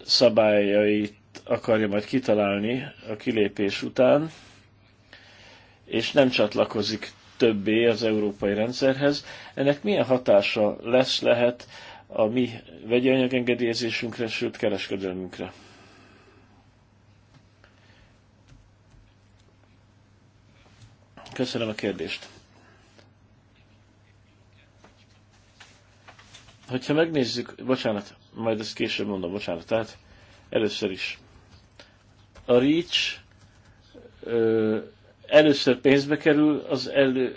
szabályait akarja majd kitalálni a kilépés után, és nem csatlakozik többé az európai rendszerhez. Ennek milyen hatása lesz, lehet a mi vegyi anyagengedélyezésünkre, sőt kereskedelmünkre? Köszönöm a kérdést. Hogyha megnézzük, bocsánat, majd ezt később mondom, bocsánat. Tehát először is a REACH ö, először pénzbe kerül, az, elő,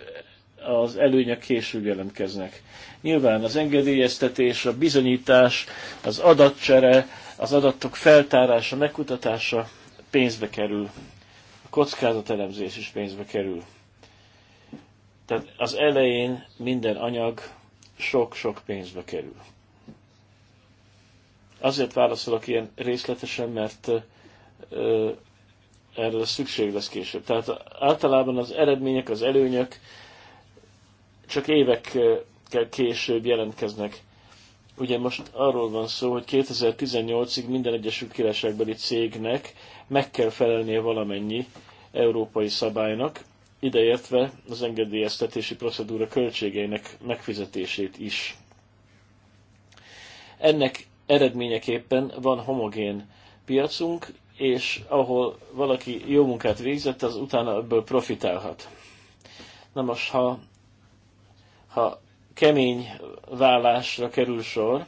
az előnyek később jelentkeznek. Nyilván az engedélyeztetés, a bizonyítás, az adatcsere, az adatok feltárása, megkutatása pénzbe kerül. A kockázatelemzés is pénzbe kerül. Tehát az elején minden anyag sok-sok pénzbe kerül. Azért válaszolok ilyen részletesen, mert erre szükség lesz később. Tehát általában az eredmények, az előnyök csak évekkel később jelentkeznek. Ugye most arról van szó, hogy 2018-ig minden Egyesült Királyságbeli cégnek meg kell felelnie valamennyi európai szabálynak, ideértve az engedélyeztetési procedúra költségeinek megfizetését is. Ennek eredményeképpen van homogén piacunk, és ahol valaki jó munkát végzett, az utána ebből profitálhat. Na most, ha, ha kemény vállásra kerül sor,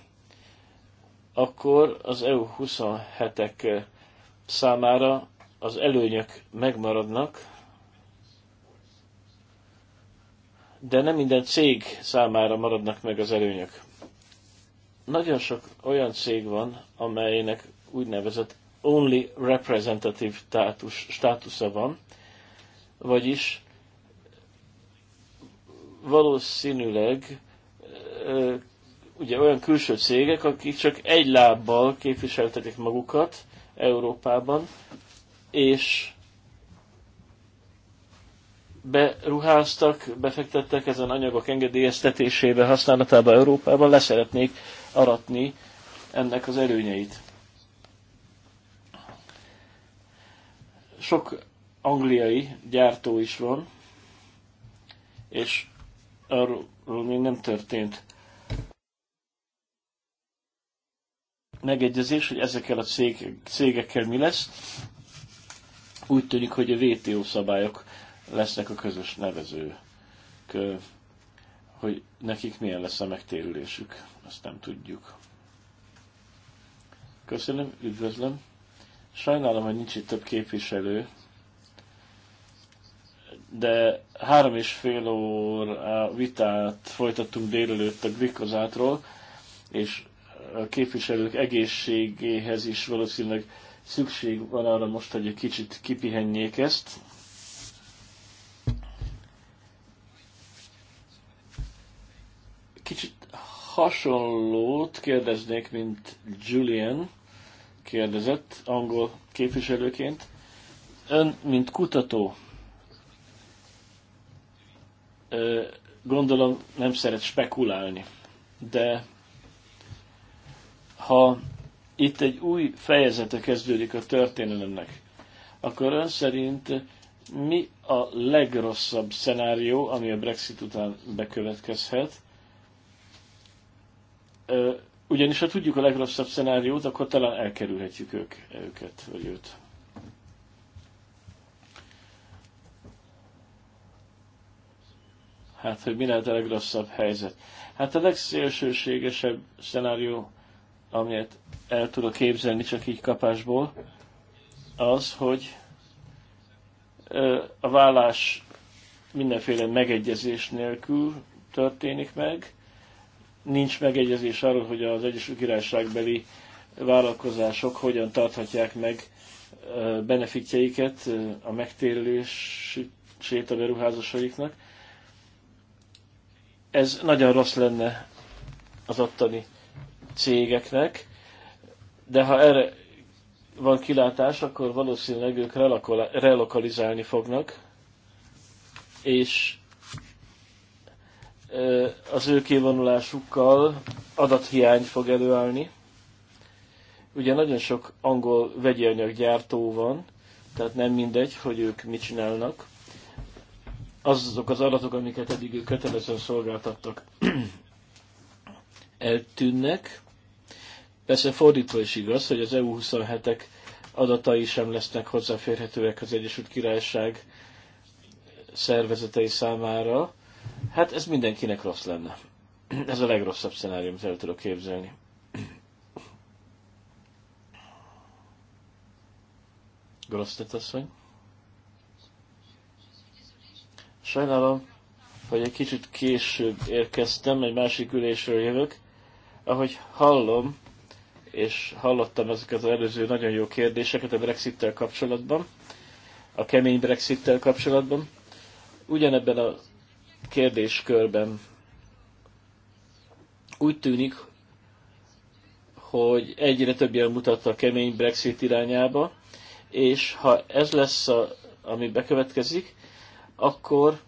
akkor az EU 27-ek számára az előnyök megmaradnak, de nem minden cég számára maradnak meg az előnyök. Nagyon sok olyan cég van, amelynek úgynevezett only representative státus, státusza van, vagyis valószínűleg ugye olyan külső cégek, akik csak egy lábbal képviseltetik magukat Európában, és beruháztak, befektettek ezen anyagok engedélyeztetésébe, használatába Európában, leszeretnék aratni ennek az előnyeit. Sok angliai gyártó is van, és arról még nem történt megegyezés, hogy ezekkel a cég, cégekkel mi lesz. Úgy tűnik, hogy a WTO szabályok lesznek a közös nevezők, hogy nekik milyen lesz a megtérülésük, azt nem tudjuk. Köszönöm, üdvözlöm. Sajnálom, hogy nincs itt több képviselő, de három és fél óra vitát folytattunk délelőtt a glikozátról, és a képviselők egészségéhez is valószínűleg szükség van arra most, hogy egy kicsit kipihenjék ezt. Kicsit hasonlót kérdeznék, mint Julian kérdezett angol képviselőként. Ön, mint kutató, gondolom nem szeret spekulálni, de ha itt egy új fejezete kezdődik a történelemnek, akkor ön szerint mi a legrosszabb szenárió, ami a Brexit után bekövetkezhet, ugyanis ha tudjuk a legrosszabb szenáriót, akkor talán elkerülhetjük ők, őket, vagy őt. Hát, hogy mi lehet a legrosszabb helyzet? Hát a legszélsőségesebb szenárió, amit el tudok képzelni csak így kapásból, az, hogy a vállás mindenféle megegyezés nélkül történik meg, nincs megegyezés arról, hogy az Egyesült Királyságbeli vállalkozások hogyan tarthatják meg benefitjeiket, a megtérülését a beruházásaiknak. Ez nagyon rossz lenne az ottani cégeknek, de ha erre van kilátás, akkor valószínűleg ők relokalizálni fognak, és az ő kivonulásukkal adathiány fog előállni. Ugye nagyon sok angol vegyi anyaggyártó van, tehát nem mindegy, hogy ők mit csinálnak. Azok az adatok, amiket eddig ők kötelezően szolgáltattak, eltűnnek. Persze fordítva is igaz, hogy az EU27-ek adatai sem lesznek hozzáférhetőek az Egyesült Királyság szervezetei számára, Hát ez mindenkinek rossz lenne. Ez a legrosszabb szenárium, amit el tudok képzelni. Grosztet asszony. Sajnálom, hogy egy kicsit később érkeztem, egy másik ülésről jövök. Ahogy hallom, és hallottam ezeket az előző nagyon jó kérdéseket a Brexit-tel kapcsolatban, a kemény Brexit-tel kapcsolatban, ugyanebben a kérdéskörben úgy tűnik, hogy egyre többen mutatta a kemény Brexit irányába, és ha ez lesz, a, ami bekövetkezik, akkor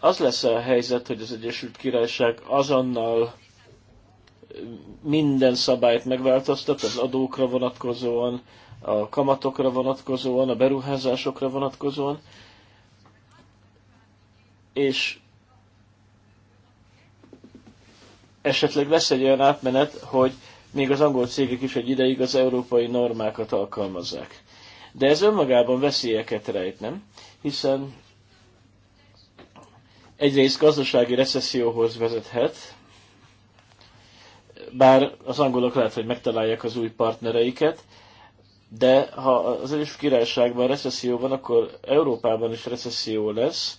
az lesz a helyzet, hogy az Egyesült Királyság azonnal minden szabályt megváltoztat, az adókra vonatkozóan, a kamatokra vonatkozóan, a beruházásokra vonatkozóan, és esetleg lesz egy olyan átmenet, hogy még az angol cégek is egy ideig az európai normákat alkalmazzák. De ez önmagában veszélyeket rejt, nem? Hiszen egyrészt gazdasági recesszióhoz vezethet, bár az angolok lehet, hogy megtalálják az új partnereiket, de ha az Egyesült Királyságban recesszió van, akkor Európában is recesszió lesz,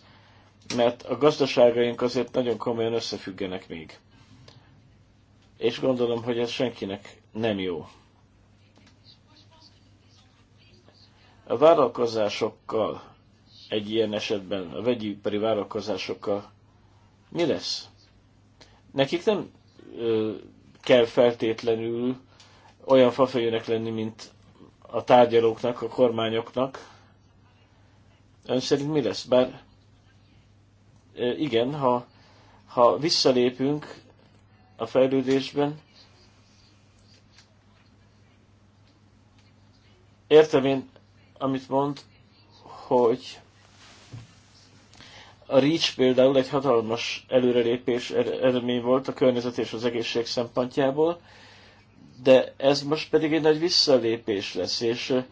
mert a gazdaságaink azért nagyon komolyan összefüggenek még. És gondolom, hogy ez senkinek nem jó. A vállalkozásokkal egy ilyen esetben, a vegyipari vállalkozásokkal mi lesz? Nekik nem ö, kell feltétlenül olyan fafejűnek lenni, mint a tárgyalóknak, a kormányoknak. Ön szerint mi lesz? Bár igen, ha, ha visszalépünk a fejlődésben, értem én, amit mond, hogy a REACH például egy hatalmas előrelépés er-, eredmény volt a környezet és az egészség szempontjából, de ez most pedig egy nagy visszalépés lesz, és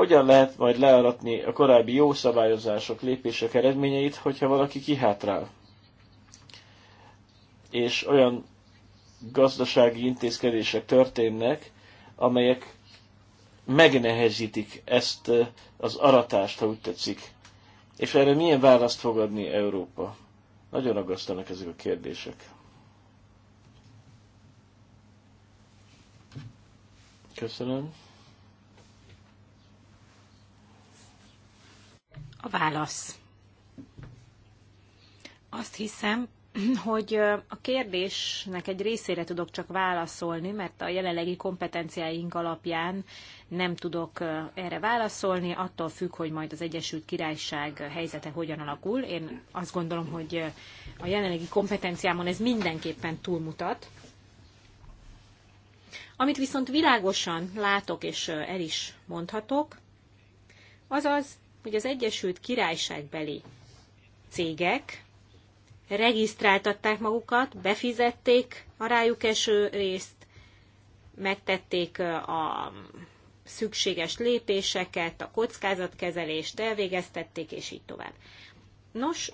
hogyan lehet majd learatni a korábbi jó szabályozások, lépések eredményeit, hogyha valaki kihátrál. És olyan gazdasági intézkedések történnek, amelyek megnehezítik ezt az aratást, ha úgy tetszik. És erre milyen választ fogadni Európa? Nagyon aggasztanak ezek a kérdések. Köszönöm. a válasz? Azt hiszem, hogy a kérdésnek egy részére tudok csak válaszolni, mert a jelenlegi kompetenciáink alapján nem tudok erre válaszolni, attól függ, hogy majd az Egyesült Királyság helyzete hogyan alakul. Én azt gondolom, hogy a jelenlegi kompetenciámon ez mindenképpen túlmutat. Amit viszont világosan látok és el is mondhatok, az az, hogy az Egyesült Királyságbeli cégek regisztráltatták magukat, befizették a rájuk eső részt, megtették a szükséges lépéseket, a kockázatkezelést elvégeztették, és így tovább. Nos,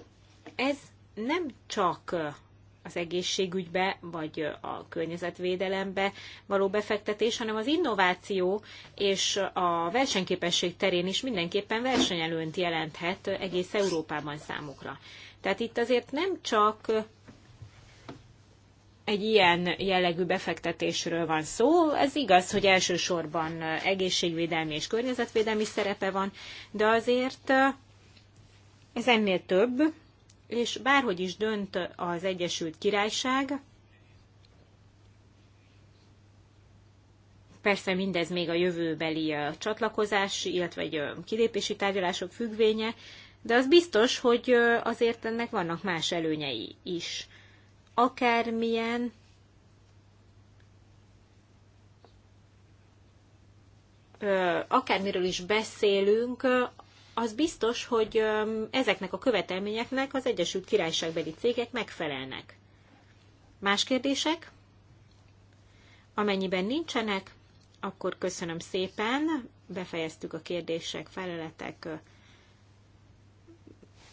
ez nem csak az egészségügybe, vagy a környezetvédelembe való befektetés, hanem az innováció és a versenyképesség terén is mindenképpen versenyelőnt jelenthet egész Európában számukra. Tehát itt azért nem csak egy ilyen jellegű befektetésről van szó. Ez igaz, hogy elsősorban egészségvédelmi és környezetvédelmi szerepe van, de azért ez ennél több, és bárhogy is dönt az Egyesült Királyság, persze mindez még a jövőbeli csatlakozás, illetve egy kilépési tárgyalások függvénye, de az biztos, hogy azért ennek vannak más előnyei is. Akármilyen akármiről is beszélünk, az biztos, hogy ezeknek a követelményeknek az Egyesült Királyságbeli cégek megfelelnek. Más kérdések? Amennyiben nincsenek, akkor köszönöm szépen, befejeztük a kérdések, feleletek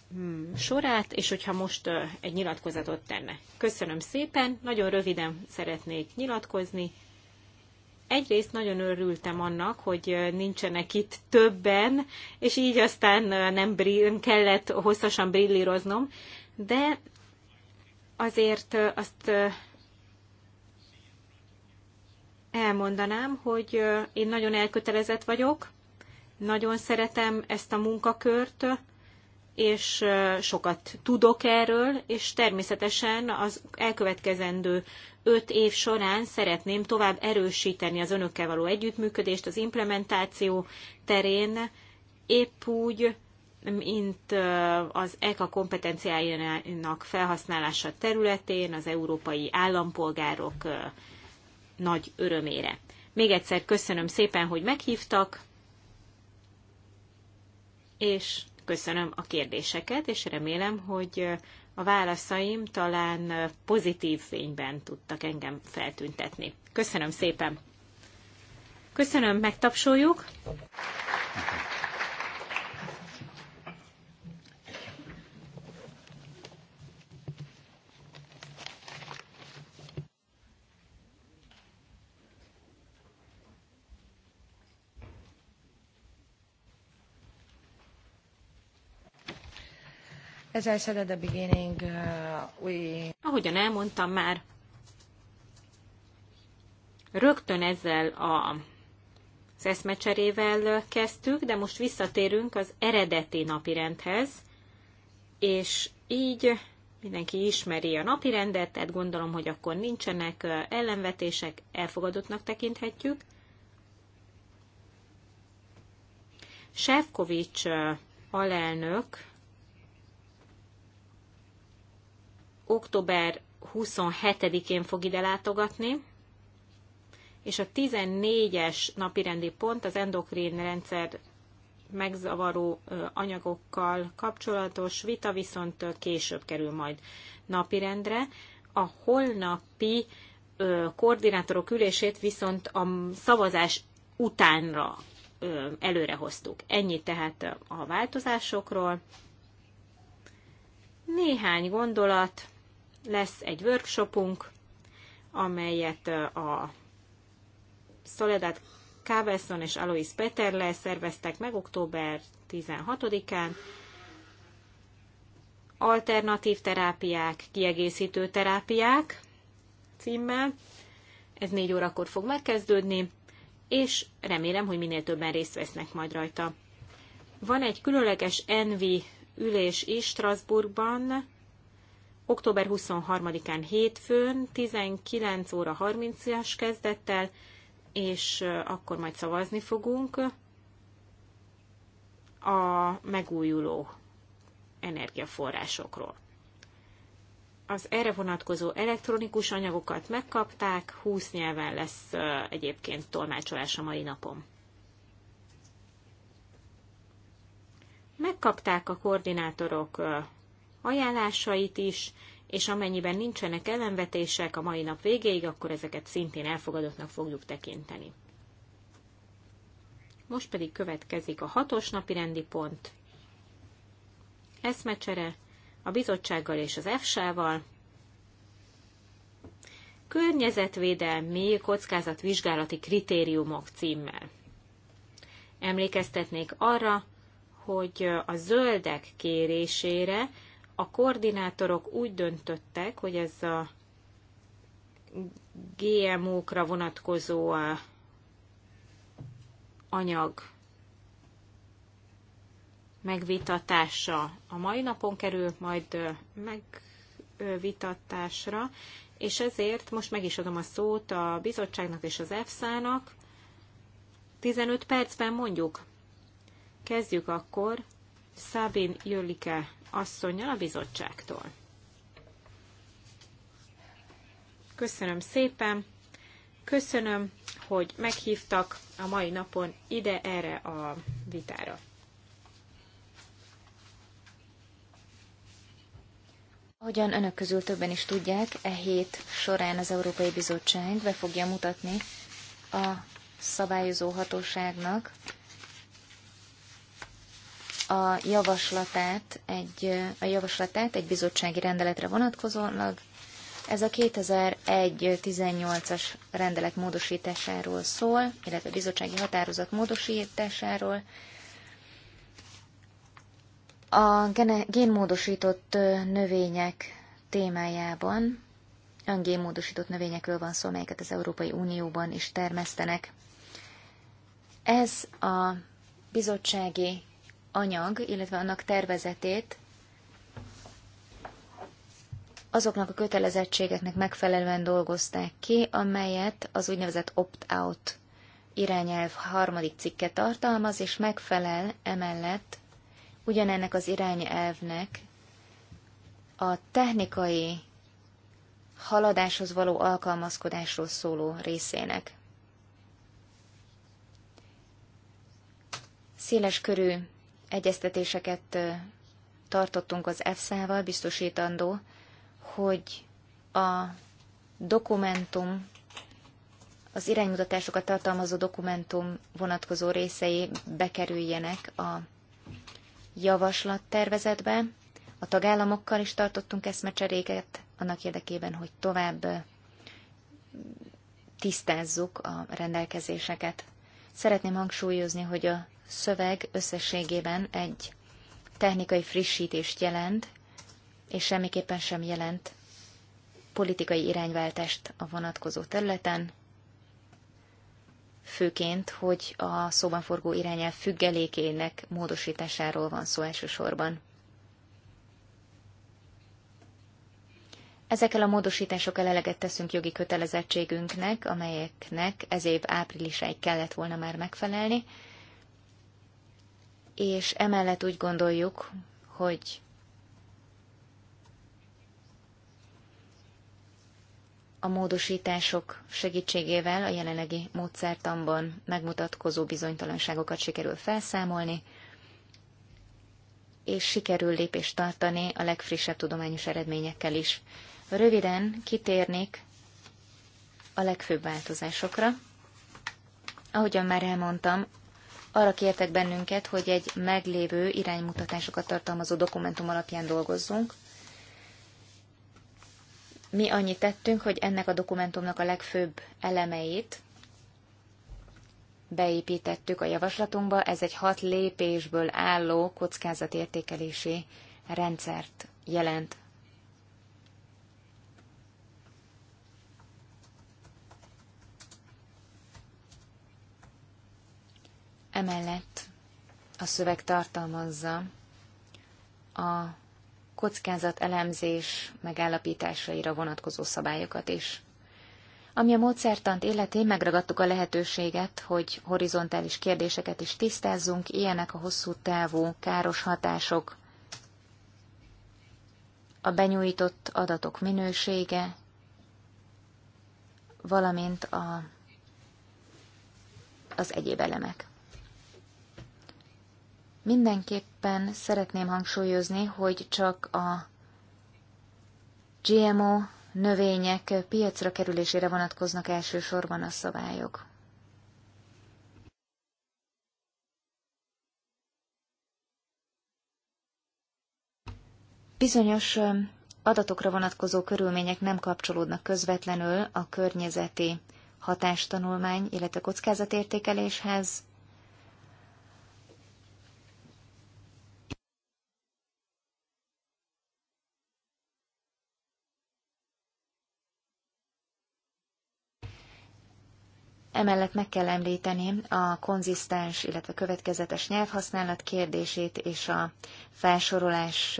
hmm, sorát, és hogyha most egy nyilatkozatot tenne. Köszönöm szépen, nagyon röviden szeretnék nyilatkozni. Egyrészt nagyon örültem annak, hogy nincsenek itt többen, és így aztán nem, nem kellett hosszasan brillíroznom, de azért azt elmondanám, hogy én nagyon elkötelezett vagyok, nagyon szeretem ezt a munkakört, és sokat tudok erről, és természetesen az elkövetkezendő öt év során szeretném tovább erősíteni az önökkel való együttműködést az implementáció terén, épp úgy, mint az ECA kompetenciájának felhasználása területén az európai állampolgárok nagy örömére. Még egyszer köszönöm szépen, hogy meghívtak, és Köszönöm a kérdéseket, és remélem, hogy a válaszaim talán pozitív fényben tudtak engem feltüntetni. Köszönöm szépen! Köszönöm, megtapsoljuk! Köszönöm. As I said at the beginning, uh, we... Ahogyan elmondtam már, rögtön ezzel a az eszmecserével kezdtük, de most visszatérünk az eredeti napirendhez, és így mindenki ismeri a napirendet, tehát gondolom, hogy akkor nincsenek ellenvetések, elfogadottnak tekinthetjük. Sefcovics alelnök október 27-én fog ide látogatni, és a 14-es napirendi pont az endokrin rendszer megzavaró anyagokkal kapcsolatos vita viszont később kerül majd napirendre. A holnapi koordinátorok ülését viszont a szavazás utánra előre hoztuk. Ennyi tehát a változásokról. Néhány gondolat lesz egy workshopunk, amelyet a Soledad kávesson és Alois Peterle szerveztek meg október 16-án. Alternatív terápiák, kiegészítő terápiák címmel. Ez négy órakor fog megkezdődni, és remélem, hogy minél többen részt vesznek majd rajta. Van egy különleges Envi ülés is Strasbourgban, október 23-án hétfőn 19 óra 30-as kezdettel, és akkor majd szavazni fogunk a megújuló energiaforrásokról. Az erre vonatkozó elektronikus anyagokat megkapták, 20 nyelven lesz egyébként tolmácsolás a mai napon. Megkapták a koordinátorok ajánlásait is, és amennyiben nincsenek ellenvetések a mai nap végéig, akkor ezeket szintén elfogadottnak fogjuk tekinteni. Most pedig következik a hatos napi rendi pont. Eszmecsere a bizottsággal és az EFSA-val. Környezetvédelmi kockázatvizsgálati kritériumok címmel. Emlékeztetnék arra, hogy a zöldek kérésére a koordinátorok úgy döntöttek, hogy ez a GMO-kra vonatkozó anyag megvitatása a mai napon kerül majd megvitatásra, és ezért most meg is adom a szót a bizottságnak és az EFSA-nak. 15 percben mondjuk. Kezdjük akkor Szabin Jölike asszonynal a bizottságtól. Köszönöm szépen, köszönöm, hogy meghívtak a mai napon ide erre a vitára. Ahogyan önök közül többen is tudják, e hét során az Európai Bizottság be fogja mutatni a szabályozó hatóságnak a javaslatát egy, a javaslatát egy bizottsági rendeletre vonatkozólag. Ez a 2001-18-as rendelet módosításáról szól, illetve a bizottsági határozat módosításáról. A génmódosított növények témájában öngénmódosított növényekről van szó, melyeket az Európai Unióban is termesztenek. Ez a bizottsági anyag, illetve annak tervezetét azoknak a kötelezettségeknek megfelelően dolgozták ki, amelyet az úgynevezett opt-out irányelv harmadik cikke tartalmaz, és megfelel emellett ugyanennek az irányelvnek a technikai haladáshoz való alkalmazkodásról szóló részének. Széles körű egyeztetéseket tartottunk az EFSA-val, biztosítandó, hogy a dokumentum, az iránymutatásokat tartalmazó dokumentum vonatkozó részei bekerüljenek a javaslattervezetbe. A tagállamokkal is tartottunk eszmecseréket annak érdekében, hogy tovább tisztázzuk a rendelkezéseket. Szeretném hangsúlyozni, hogy a szöveg összességében egy technikai frissítést jelent, és semmiképpen sem jelent politikai irányváltást a vonatkozó területen, főként, hogy a szóban forgó irányelv függelékének módosításáról van szó elsősorban. Ezekkel a módosításokkal eleget teszünk jogi kötelezettségünknek, amelyeknek ez év áprilisáig kellett volna már megfelelni, és emellett úgy gondoljuk, hogy a módosítások segítségével a jelenlegi módszertamban megmutatkozó bizonytalanságokat sikerül felszámolni, és sikerül lépést tartani a legfrissebb tudományos eredményekkel is. Röviden kitérnék a legfőbb változásokra. Ahogyan már elmondtam, arra kértek bennünket, hogy egy meglévő iránymutatásokat tartalmazó dokumentum alapján dolgozzunk. Mi annyit tettünk, hogy ennek a dokumentumnak a legfőbb elemeit beépítettük a javaslatunkba. Ez egy hat lépésből álló kockázatértékelési rendszert jelent. Emellett a szöveg tartalmazza a kockázat elemzés megállapításaira vonatkozó szabályokat is. Ami a módszertant életén megragadtuk a lehetőséget, hogy horizontális kérdéseket is tisztázzunk, ilyenek a hosszú távú káros hatások, a benyújtott adatok minősége, valamint a, az egyéb elemek. Mindenképpen szeretném hangsúlyozni, hogy csak a GMO növények piacra kerülésére vonatkoznak elsősorban a szabályok. Bizonyos adatokra vonatkozó körülmények nem kapcsolódnak közvetlenül a környezeti hatástanulmány, illetve kockázatértékeléshez, Emellett meg kell említeni a konzisztens, illetve következetes nyelvhasználat kérdését és a felsorolás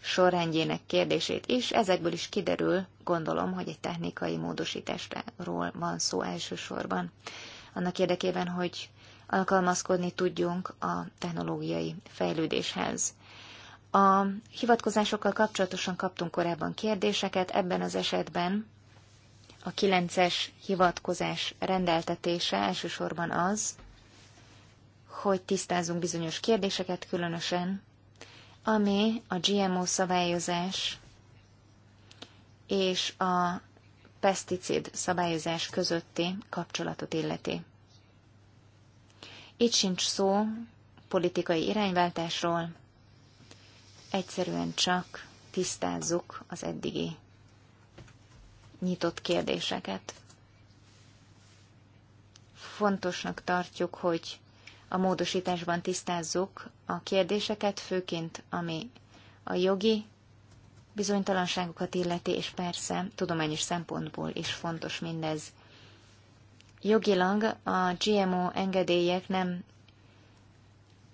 sorrendjének kérdését is. Ezekből is kiderül, gondolom, hogy egy technikai módosításról van szó elsősorban. Annak érdekében, hogy alkalmazkodni tudjunk a technológiai fejlődéshez. A hivatkozásokkal kapcsolatosan kaptunk korábban kérdéseket, ebben az esetben a kilences hivatkozás rendeltetése elsősorban az, hogy tisztázunk bizonyos kérdéseket különösen, ami a GMO szabályozás és a peszticid szabályozás közötti kapcsolatot illeti. Itt sincs szó politikai irányváltásról, egyszerűen csak tisztázzuk az eddigi nyitott kérdéseket. Fontosnak tartjuk, hogy a módosításban tisztázzuk a kérdéseket, főként ami a jogi bizonytalanságokat illeti, és persze tudományos szempontból is fontos mindez. Jogilag a GMO engedélyek nem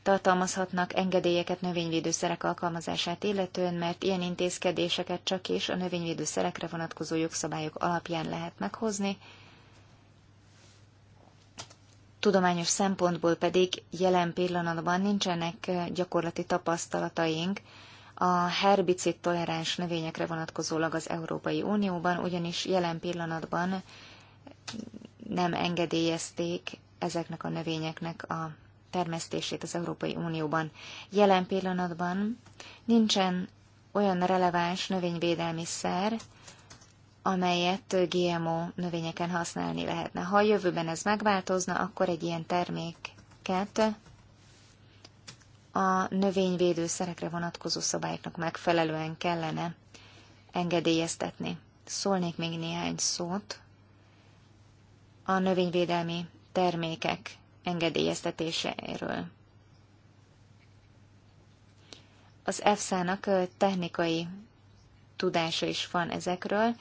tartalmazhatnak engedélyeket növényvédőszerek alkalmazását illetően, mert ilyen intézkedéseket csak és a növényvédőszerekre vonatkozó jogszabályok alapján lehet meghozni, tudományos szempontból pedig jelen pillanatban nincsenek gyakorlati tapasztalataink a herbicid toleráns növényekre vonatkozólag az Európai Unióban, ugyanis jelen pillanatban nem engedélyezték ezeknek a növényeknek a termesztését az Európai Unióban. Jelen pillanatban nincsen olyan releváns növényvédelmi szer, amelyet GMO növényeken használni lehetne. Ha a jövőben ez megváltozna, akkor egy ilyen terméket a növényvédőszerekre vonatkozó szabályoknak megfelelően kellene engedélyeztetni. Szólnék még néhány szót a növényvédelmi termékek engedélyeztetéséről. Az EFSA-nak technikai tudása is van ezekről.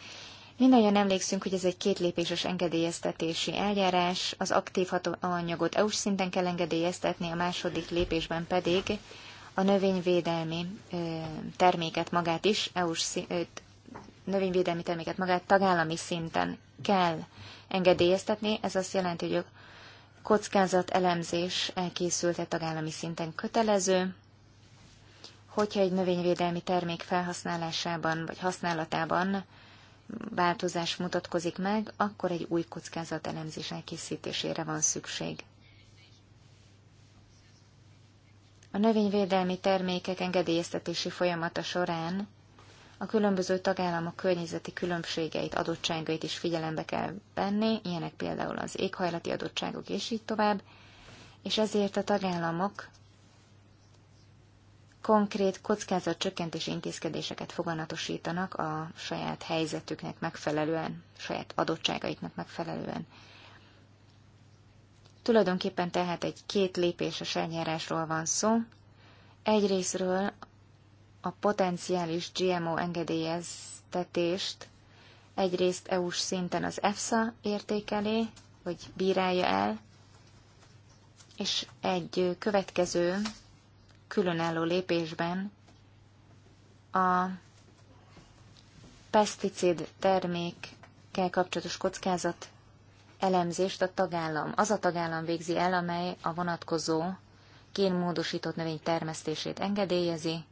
Mindannyian emlékszünk, hogy ez egy kétlépéses engedélyeztetési eljárás, az aktív hatóanyagot EU-s szinten kell engedélyeztetni, a második lépésben pedig a növényvédelmi terméket magát is, EU-s növényvédelmi terméket magát tagállami szinten kell engedélyeztetni. Ez azt jelenti, hogy a kockázat elemzés elkészült tagállami szinten kötelező, hogyha egy növényvédelmi termék felhasználásában vagy használatában változás mutatkozik meg, akkor egy új kockázatelemzés elkészítésére van szükség. A növényvédelmi termékek engedélyeztetési folyamata során a különböző tagállamok környezeti különbségeit, adottságait is figyelembe kell venni, ilyenek például az éghajlati adottságok és így tovább, és ezért a tagállamok konkrét kockázatcsökkentési intézkedéseket foganatosítanak a saját helyzetüknek megfelelően, saját adottságaiknak megfelelően. Tulajdonképpen tehát egy két lépéses eljárásról van szó. Egyrésztről a potenciális GMO engedélyeztetést egyrészt EU-s szinten az EFSA értékelé, vagy bírálja el, és egy következő különálló lépésben a peszticid termékkel kapcsolatos kockázat elemzést a tagállam. Az a tagállam végzi el, amely a vonatkozó génmódosított növény termesztését engedélyezi,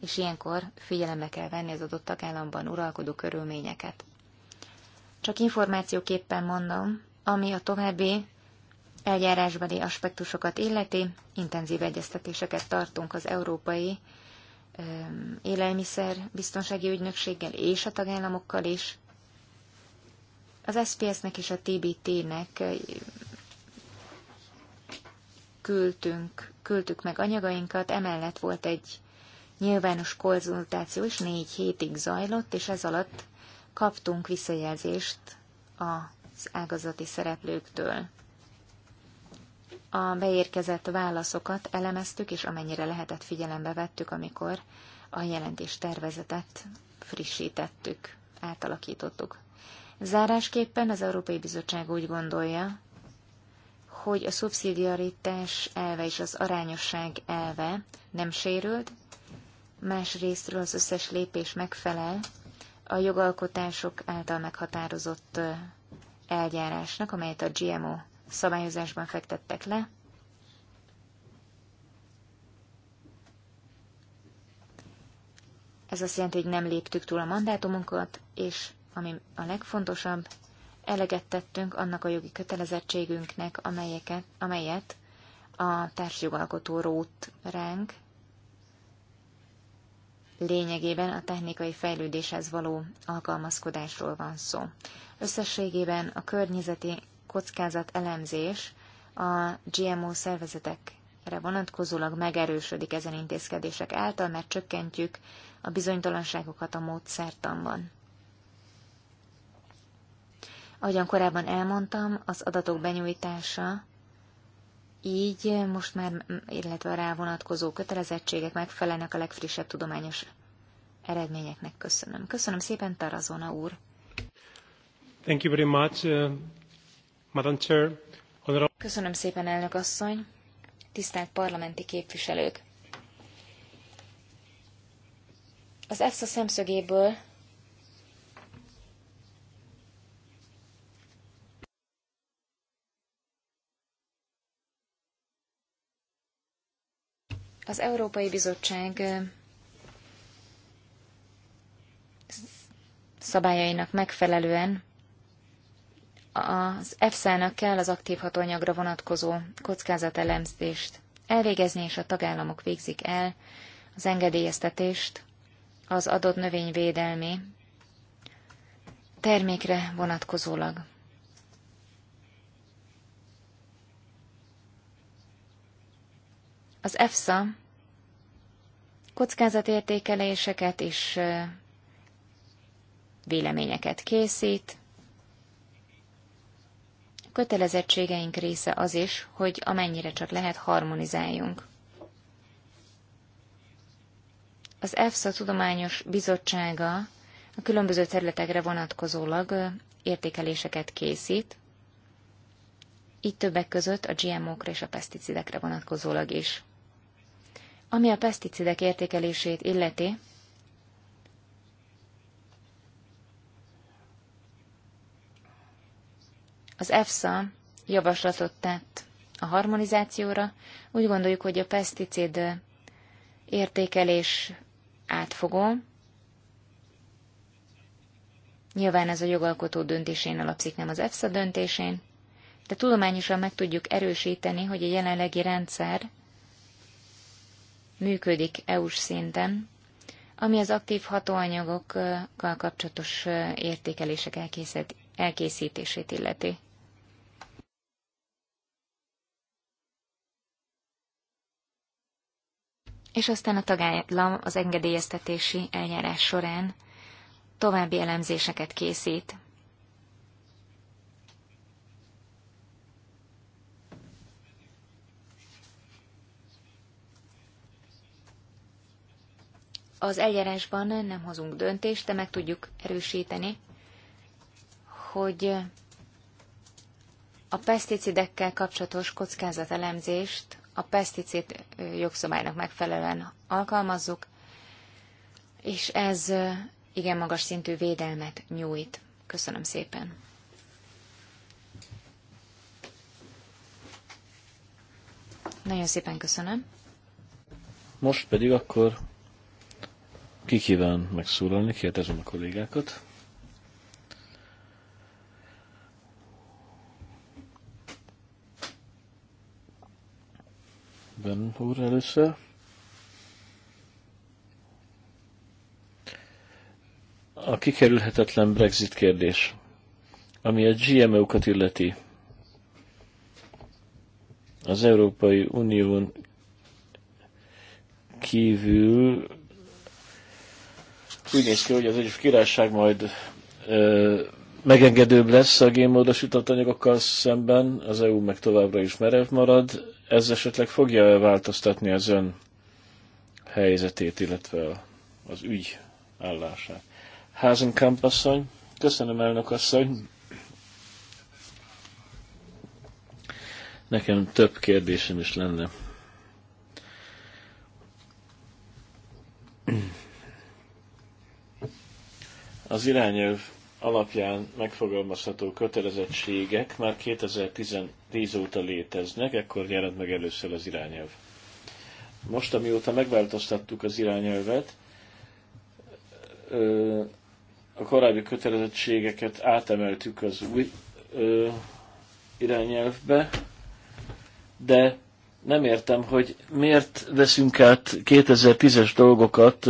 és ilyenkor figyelembe kell venni az adott tagállamban uralkodó körülményeket. Csak információképpen mondom, ami a további eljárásbeli aspektusokat illeti, intenzív egyeztetéseket tartunk az Európai Élelmiszer Biztonsági Ügynökséggel és a tagállamokkal is. Az SPS-nek és a TBT-nek küldtünk, küldtük meg anyagainkat, emellett volt egy nyilvános konzultáció is négy hétig zajlott, és ez alatt kaptunk visszajelzést az ágazati szereplőktől. A beérkezett válaszokat elemeztük, és amennyire lehetett figyelembe vettük, amikor a jelentés tervezetet frissítettük, átalakítottuk. Zárásképpen az Európai Bizottság úgy gondolja, hogy a szubszidiaritás elve és az arányosság elve nem sérült, más részről az összes lépés megfelel a jogalkotások által meghatározott eljárásnak, amelyet a GMO szabályozásban fektettek le. Ez azt jelenti, hogy nem léptük túl a mandátumunkat, és ami a legfontosabb, eleget tettünk annak a jogi kötelezettségünknek, amelyeket, amelyet a társjogalkotó rót ránk, Lényegében a technikai fejlődéshez való alkalmazkodásról van szó. Összességében a környezeti kockázat elemzés a GMO szervezetekre vonatkozólag megerősödik ezen intézkedések által, mert csökkentjük a bizonytalanságokat a módszertanban. Ahogyan korábban elmondtam, az adatok benyújtása így most már, illetve rá vonatkozó kötelezettségek megfelelnek a legfrissebb tudományos eredményeknek. Köszönöm. Köszönöm szépen, Tarazona úr. Thank you very much, uh, Madam Chair. Honorable... Köszönöm szépen, elnök asszony. Tisztelt parlamenti képviselők. Az EFSA szemszögéből Az Európai Bizottság szabályainak megfelelően az EFSA-nak kell az aktív hatóanyagra vonatkozó kockázatelemzést elvégezni, és a tagállamok végzik el az engedélyeztetést az adott növényvédelmi termékre vonatkozólag. Az EFSA kockázatértékeléseket és véleményeket készít. kötelezettségeink része az is, hogy amennyire csak lehet harmonizáljunk. Az EFSA Tudományos Bizottsága a különböző területekre vonatkozólag értékeléseket készít, így többek között a GMO-kra és a peszticidekre vonatkozólag is. Ami a peszticidek értékelését illeti, az EFSA javaslatot tett a harmonizációra. Úgy gondoljuk, hogy a peszticid értékelés átfogó. Nyilván ez a jogalkotó döntésén alapszik, nem az EFSA döntésén, de tudományosan meg tudjuk erősíteni, hogy a jelenlegi rendszer működik EU-s szinten, ami az aktív hatóanyagokkal kapcsolatos értékelések elkészítését illeti. És aztán a tagállam az engedélyeztetési eljárás során további elemzéseket készít. az eljárásban nem hozunk döntést, de meg tudjuk erősíteni, hogy a peszticidekkel kapcsolatos kockázatelemzést a peszticid jogszabálynak megfelelően alkalmazzuk, és ez igen magas szintű védelmet nyújt. Köszönöm szépen! Nagyon szépen köszönöm. Most pedig akkor ki kíván megszólalni? Kérdezem a kollégákat. Ben úr először. A kikerülhetetlen Brexit kérdés, ami a GMO-kat illeti. Az Európai Unión kívül úgy néz ki, hogy az Egyes Királyság majd ö, megengedőbb lesz a génmódosított anyagokkal szemben, az EU meg továbbra is merev marad. Ez esetleg fogja változtatni az ön helyzetét, illetve az ügy állását. Házenkamp asszony, köszönöm elnök asszony. Nekem több kérdésem is lenne. Az irányelv alapján megfogalmazható kötelezettségek már 2010 óta léteznek, ekkor jelent meg először az irányelv. Most, amióta megváltoztattuk az irányelvet, a korábbi kötelezettségeket átemeltük az új irányelvbe, de nem értem, hogy miért veszünk át 2010-es dolgokat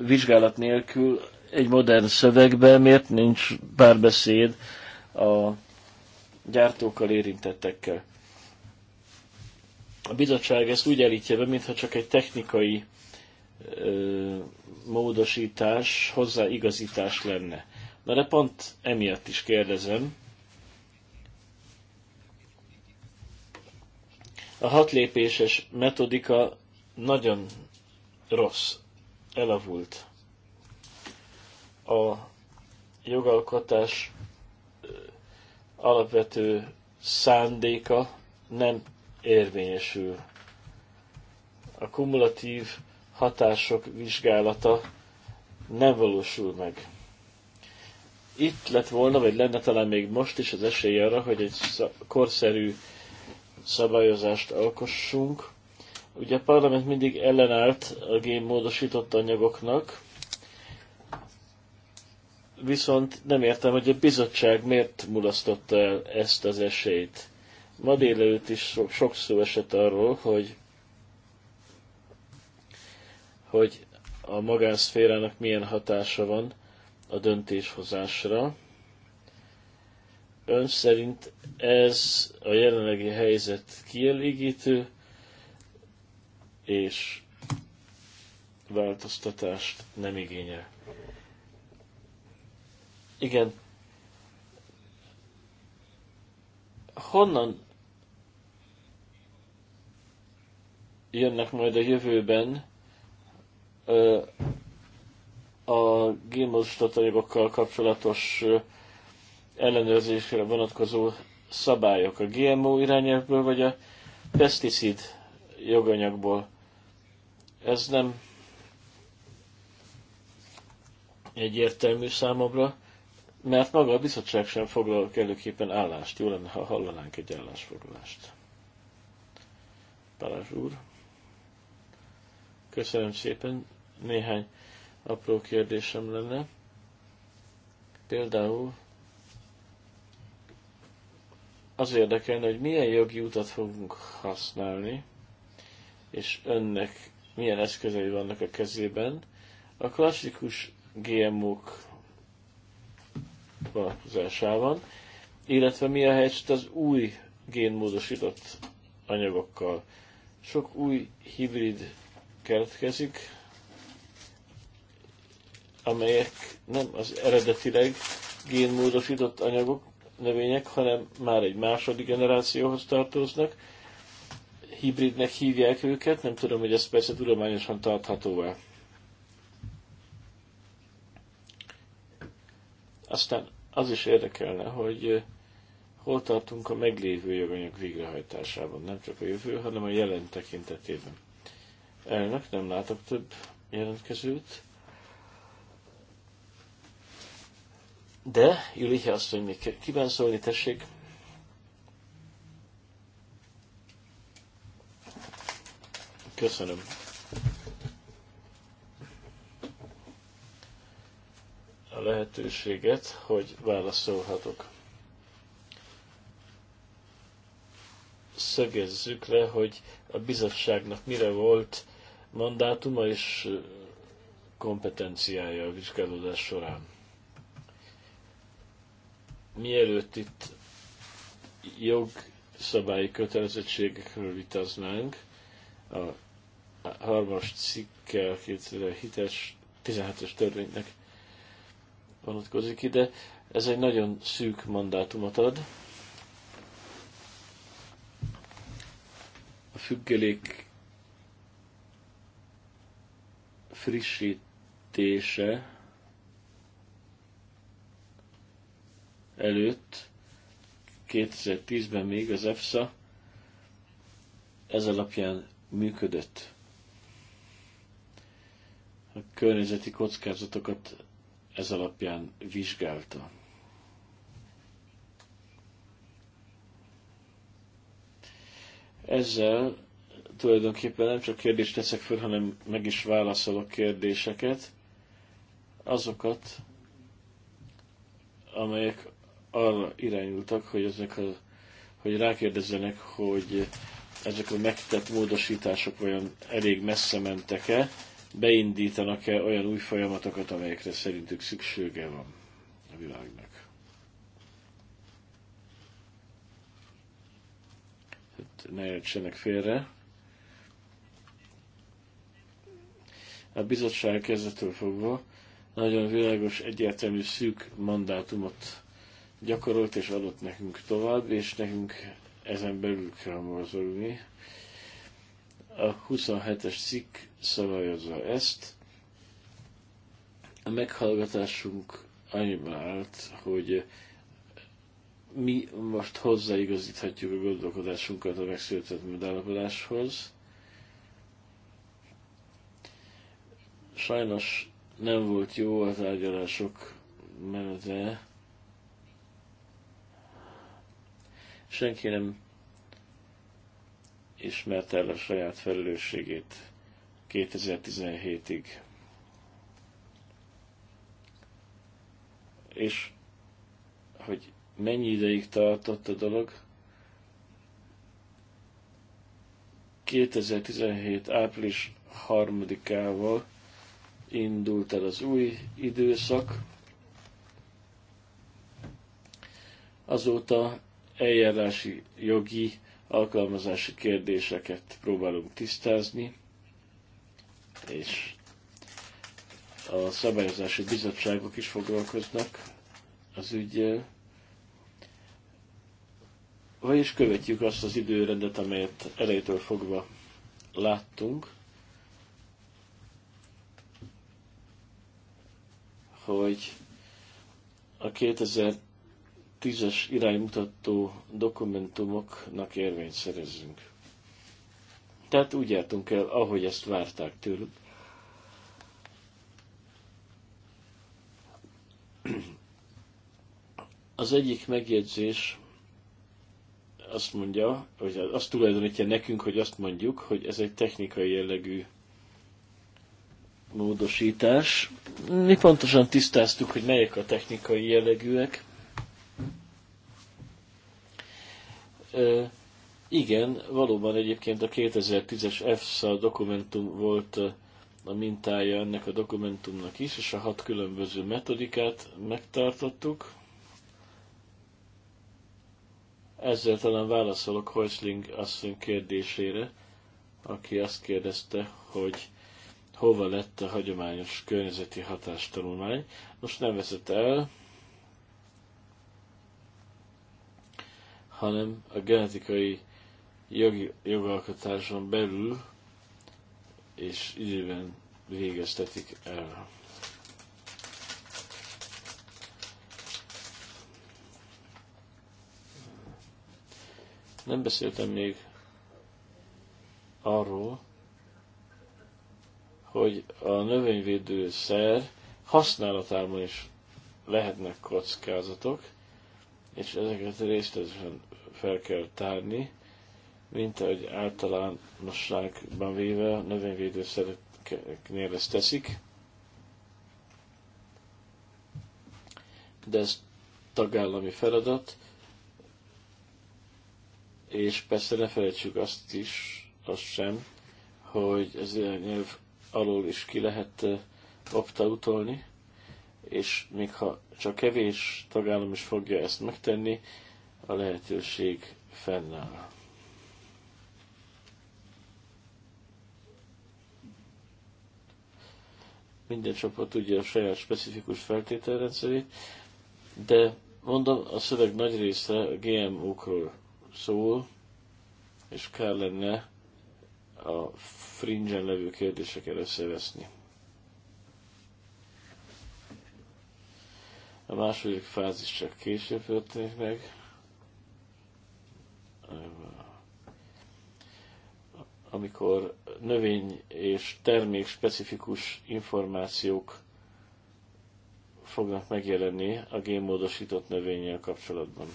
vizsgálat nélkül egy modern szövegben miért nincs párbeszéd a gyártókkal, érintettekkel. A bizottság ezt úgy elítje be, mintha csak egy technikai ö, módosítás, hozzáigazítás lenne. Na de pont emiatt is kérdezem. A hat metodika nagyon rossz, elavult a jogalkotás alapvető szándéka nem érvényesül. A kumulatív hatások vizsgálata nem valósul meg. Itt lett volna, vagy lenne talán még most is az esély arra, hogy egy korszerű szabályozást alkossunk. Ugye a parlament mindig ellenállt a génmódosított anyagoknak, viszont nem értem, hogy a bizottság miért mulasztotta el ezt az esélyt. Ma délelőtt is so, sok szó esett arról, hogy, hogy a magánszférának milyen hatása van a döntéshozásra. Ön szerint ez a jelenlegi helyzet kielégítő, és változtatást nem igényel. Igen. Honnan jönnek majd a jövőben ö, a anyagokkal kapcsolatos ö, ellenőrzésre vonatkozó szabályok a GMO irányelvből, vagy a peszticid joganyagból. Ez nem egyértelmű számomra mert maga a bizottság sem foglal kellőképpen állást. Jó lenne, ha hallanánk egy állásfoglalást. Balázs úr, köszönöm szépen. Néhány apró kérdésem lenne. Például az érdekelne, hogy milyen jogi utat fogunk használni, és önnek milyen eszközei vannak a kezében. A klasszikus GMO-k vonatkozásában, illetve mi a helyzet az új génmódosított anyagokkal. Sok új hibrid keletkezik, amelyek nem az eredetileg génmódosított anyagok, növények, hanem már egy második generációhoz tartoznak. Hibridnek hívják őket, nem tudom, hogy ez persze tudományosan tartható-e. Aztán az is érdekelne, hogy eh, hol tartunk a meglévő joganyag végrehajtásában, nem csak a jövő, hanem a jelen tekintetében. Elnök, nem látok több jelentkezőt. De, Julihe azt, hogy még kíván szólni, tessék. Köszönöm. lehetőséget, hogy válaszolhatok. Szögezzük le, hogy a bizottságnak mire volt mandátuma és kompetenciája a vizsgálódás során. Mielőtt itt jogszabályi kötelezettségekről vitaznánk, a harmas cikkel, 2017 es 17-es törvénynek vonatkozik ide. Ez egy nagyon szűk mandátumot ad. A függelék frissítése előtt 2010-ben még az EFSA ez alapján működött. A környezeti kockázatokat ez alapján vizsgálta. Ezzel tulajdonképpen nem csak kérdést teszek föl, hanem meg is válaszolok kérdéseket, azokat, amelyek arra irányultak, hogy, ezek a, hogy rákérdezzenek, hogy ezek a megtett módosítások olyan elég messze mentek-e, beindítanak-e olyan új folyamatokat, amelyekre szerintük szüksége van a világnak. Hát ne értsenek félre. A bizottság kezdetől fogva nagyon világos, egyértelmű, szűk mandátumot gyakorolt és adott nekünk tovább, és nekünk ezen belül kell mozogni. A 27-es cikk szabályozza ezt. A meghallgatásunk annyiban állt, hogy mi most hozzáigazíthatjuk a gondolkodásunkat a megszületett megállapodáshoz. Sajnos nem volt jó a tárgyalások menete. Senki nem ismerte el a saját felelősségét 2017-ig. És hogy mennyi ideig tartott a dolog, 2017. április 3-ával indult el az új időszak. Azóta eljárási jogi alkalmazási kérdéseket próbálunk tisztázni, és a szabályozási bizottságok is foglalkoznak az ügyjel. Vagyis követjük azt az időrendet, amelyet elejétől fogva láttunk, hogy a 2000 tízes iránymutató dokumentumoknak érvényt szerezzünk. Tehát úgy jártunk el, ahogy ezt várták tőlük. Az egyik megjegyzés azt mondja, hogy azt tulajdonítja nekünk, hogy azt mondjuk, hogy ez egy technikai jellegű módosítás. Mi pontosan tisztáztuk, hogy melyek a technikai jellegűek, igen, valóban egyébként a 2010-es EFSA dokumentum volt a mintája ennek a dokumentumnak is, és a hat különböző metodikát megtartottuk. Ezzel talán válaszolok Heusling asszony kérdésére, aki azt kérdezte, hogy hova lett a hagyományos környezeti hatástanulmány. Most nem veszett el, hanem a genetikai jogi, jogalkotáson belül és időben végeztetik el. Nem beszéltem még arról, hogy a növényvédő szer használatában is lehetnek kockázatok, és ezeket részletesen fel kell tárni, mint ahogy általánosságban véve a növényvédőszereknél ezt teszik, de ez tagállami feladat, és persze ne felejtsük azt is, azt sem, hogy ez a nyelv alól is ki lehet utolni, és még ha csak kevés tagállam is fogja ezt megtenni, a lehetőség fennáll. Minden csapat tudja a saját specifikus feltételrendszerét, de mondom, a szöveg nagy része a GMO-król szól, és kell lenne a fringen levő kérdésekkel összeveszni. A második fázis csak később történik meg amikor növény és termék specifikus információk fognak megjelenni a génmódosított növényel kapcsolatban.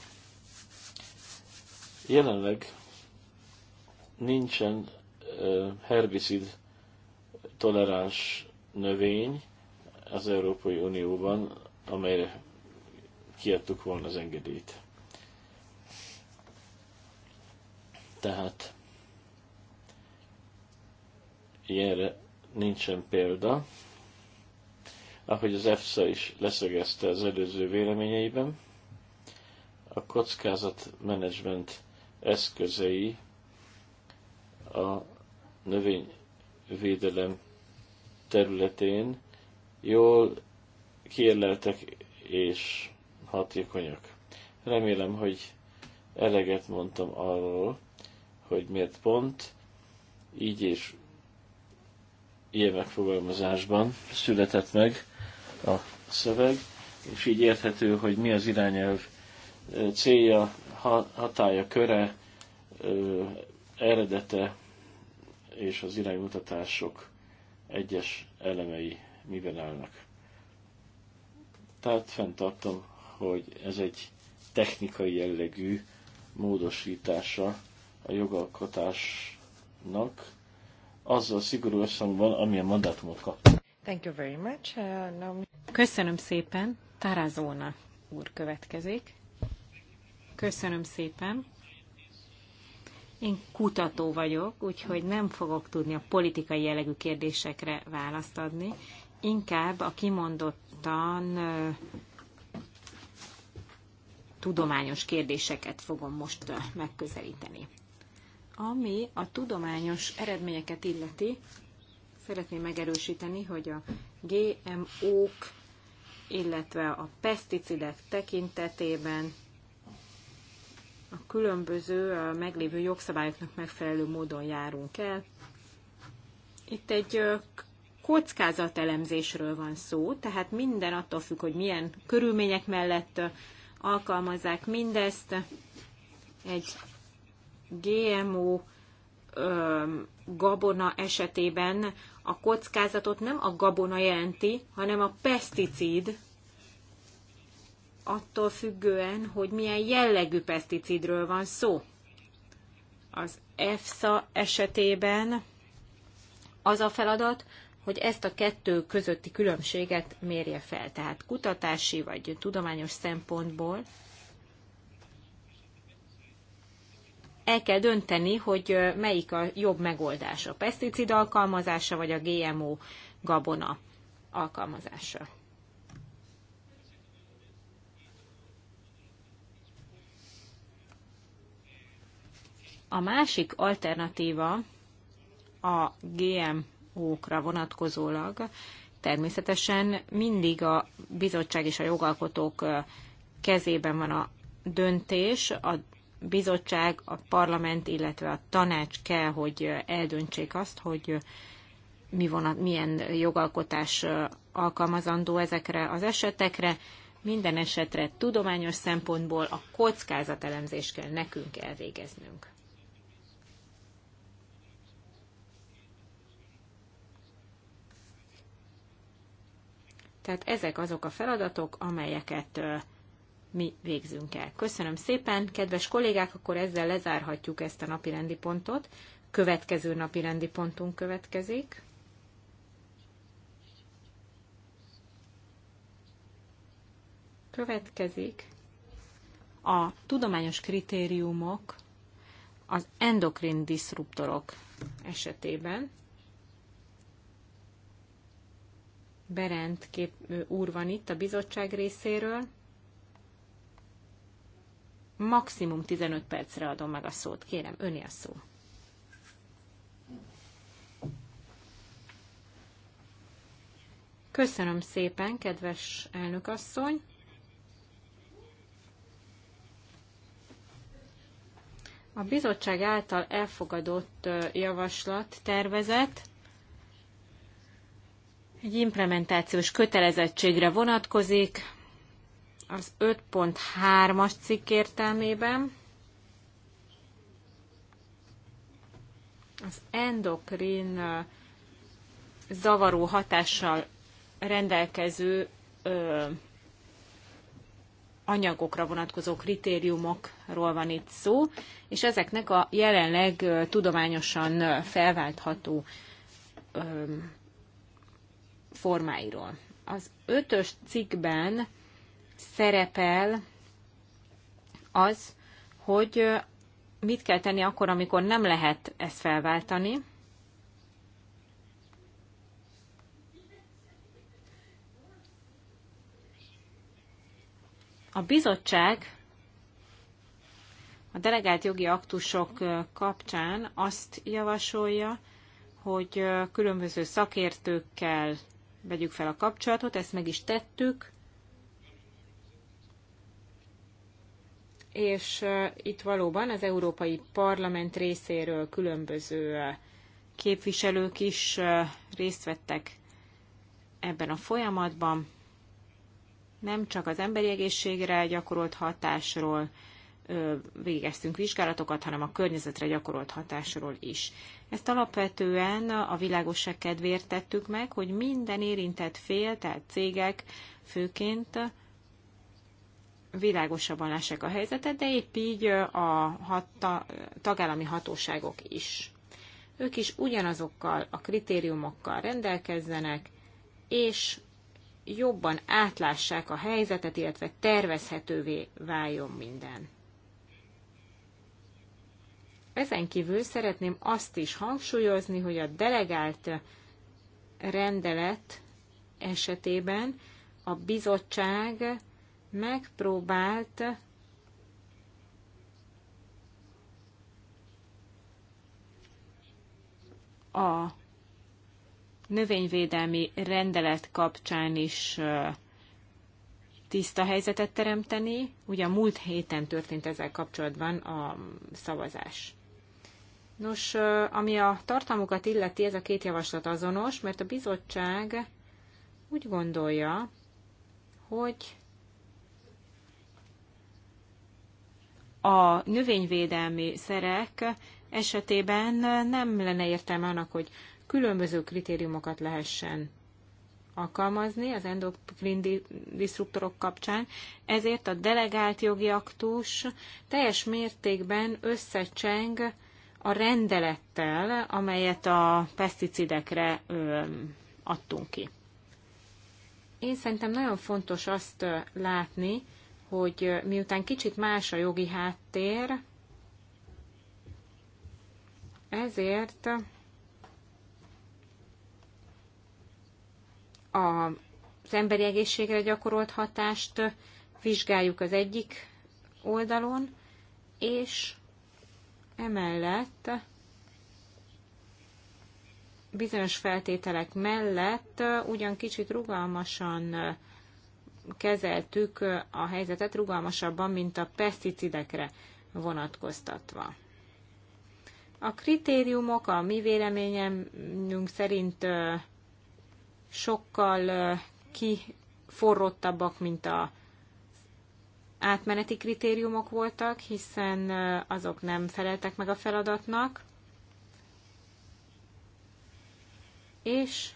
Jelenleg nincsen herbicid toleráns növény az Európai Unióban, amelyre kiadtuk volna az engedélyt. Tehát ilyenre nincsen példa. Ahogy az EFSA is leszögezte az előző véleményeiben, a kockázatmenedzsment eszközei a növényvédelem területén jól kiérleltek és hatékonyak. Remélem, hogy eleget mondtam arról, hogy miért pont így és ilyen megfogalmazásban született meg a szöveg, és így érthető, hogy mi az irányelv célja, hatája, köre, eredete és az iránymutatások egyes elemei miben állnak. Tehát fenntartom, hogy ez egy technikai jellegű módosítása a jogalkotásnak azzal szigorú összhangban, amilyen mandátumot kap. Thank you very much. Uh, no... Köszönöm szépen. Tarazona úr következik. Köszönöm szépen. Én kutató vagyok, úgyhogy nem fogok tudni a politikai jellegű kérdésekre választ adni. Inkább a kimondottan tudományos kérdéseket fogom most megközelíteni. Ami a tudományos eredményeket illeti, szeretném megerősíteni, hogy a GMO-k, illetve a peszticidek tekintetében a különböző a meglévő jogszabályoknak megfelelő módon járunk el. Itt egy kockázatelemzésről van szó, tehát minden attól függ, hogy milyen körülmények mellett alkalmazzák mindezt. Egy GMO gabona esetében a kockázatot nem a gabona jelenti, hanem a peszticid, attól függően, hogy milyen jellegű peszticidről van szó. Az EFSA esetében az a feladat, hogy ezt a kettő közötti különbséget mérje fel. Tehát kutatási vagy tudományos szempontból el kell dönteni, hogy melyik a jobb megoldás, a peszticid alkalmazása vagy a GMO gabona alkalmazása. A másik alternatíva a GMO-kra vonatkozólag természetesen mindig a bizottság és a jogalkotók kezében van a döntés a bizottság, a parlament, illetve a tanács kell, hogy eldöntsék azt, hogy mi vonat, milyen jogalkotás alkalmazandó ezekre az esetekre. Minden esetre tudományos szempontból a kockázatelemzés kell nekünk elvégeznünk. Tehát ezek azok a feladatok, amelyeket mi végzünk el. Köszönöm szépen, kedves kollégák, akkor ezzel lezárhatjuk ezt a napi rendi pontot. Következő napi rendi pontunk következik. Következik a tudományos kritériumok az endokrin diszruptorok esetében. Berend kép, úr van itt a bizottság részéről maximum 15 percre adom meg a szót. Kérem, öné a szó. Köszönöm szépen, kedves elnökasszony! A bizottság által elfogadott javaslat, tervezet egy implementációs kötelezettségre vonatkozik, az 5.3-as cikk értelmében az endokrin zavaró hatással rendelkező ö, anyagokra vonatkozó kritériumokról van itt szó, és ezeknek a jelenleg ö, tudományosan felváltható ö, formáiról. Az ötös cikkben szerepel az, hogy mit kell tenni akkor, amikor nem lehet ezt felváltani. A bizottság a delegált jogi aktusok kapcsán azt javasolja, hogy különböző szakértőkkel vegyük fel a kapcsolatot, ezt meg is tettük, és itt valóban az Európai Parlament részéről különböző képviselők is részt vettek ebben a folyamatban. Nem csak az emberi egészségre gyakorolt hatásról végeztünk vizsgálatokat, hanem a környezetre gyakorolt hatásról is. Ezt alapvetően a világosság kedvéért tettük meg, hogy minden érintett fél, tehát cégek főként világosabban lássák a helyzetet, de épp így a hatta, tagállami hatóságok is. Ők is ugyanazokkal a kritériumokkal rendelkezzenek, és jobban átlássák a helyzetet, illetve tervezhetővé váljon minden. Ezen kívül szeretném azt is hangsúlyozni, hogy a delegált rendelet esetében a bizottság megpróbált a növényvédelmi rendelet kapcsán is tiszta helyzetet teremteni. Ugye a múlt héten történt ezzel kapcsolatban a szavazás. Nos, ami a tartalmukat illeti, ez a két javaslat azonos, mert a bizottság úgy gondolja, hogy a növényvédelmi szerek esetében nem lenne értelme annak, hogy különböző kritériumokat lehessen alkalmazni az endokrin disruptorok kapcsán, ezért a delegált jogi aktus teljes mértékben összecseng a rendelettel, amelyet a peszticidekre adtunk ki. Én szerintem nagyon fontos azt látni, hogy miután kicsit más a jogi háttér, ezért a az emberi egészségre gyakorolt hatást vizsgáljuk az egyik oldalon, és emellett bizonyos feltételek mellett ugyan kicsit rugalmasan kezeltük a helyzetet rugalmasabban, mint a peszticidekre vonatkoztatva. A kritériumok a mi véleményünk szerint sokkal kiforrottabbak, mint a átmeneti kritériumok voltak, hiszen azok nem feleltek meg a feladatnak. És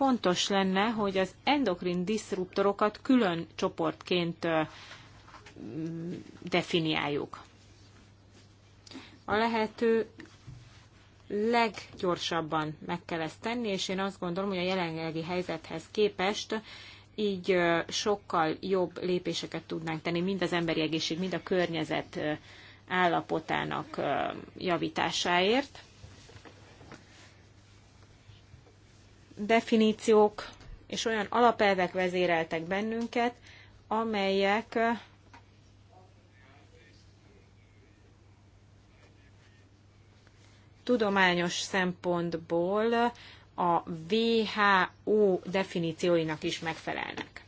fontos lenne, hogy az endokrin diszruptorokat külön csoportként definiáljuk. A lehető leggyorsabban meg kell ezt tenni, és én azt gondolom, hogy a jelenlegi helyzethez képest így sokkal jobb lépéseket tudnánk tenni, mind az emberi egészség, mind a környezet állapotának javításáért. definíciók és olyan alapelvek vezéreltek bennünket, amelyek tudományos szempontból a WHO definícióinak is megfelelnek.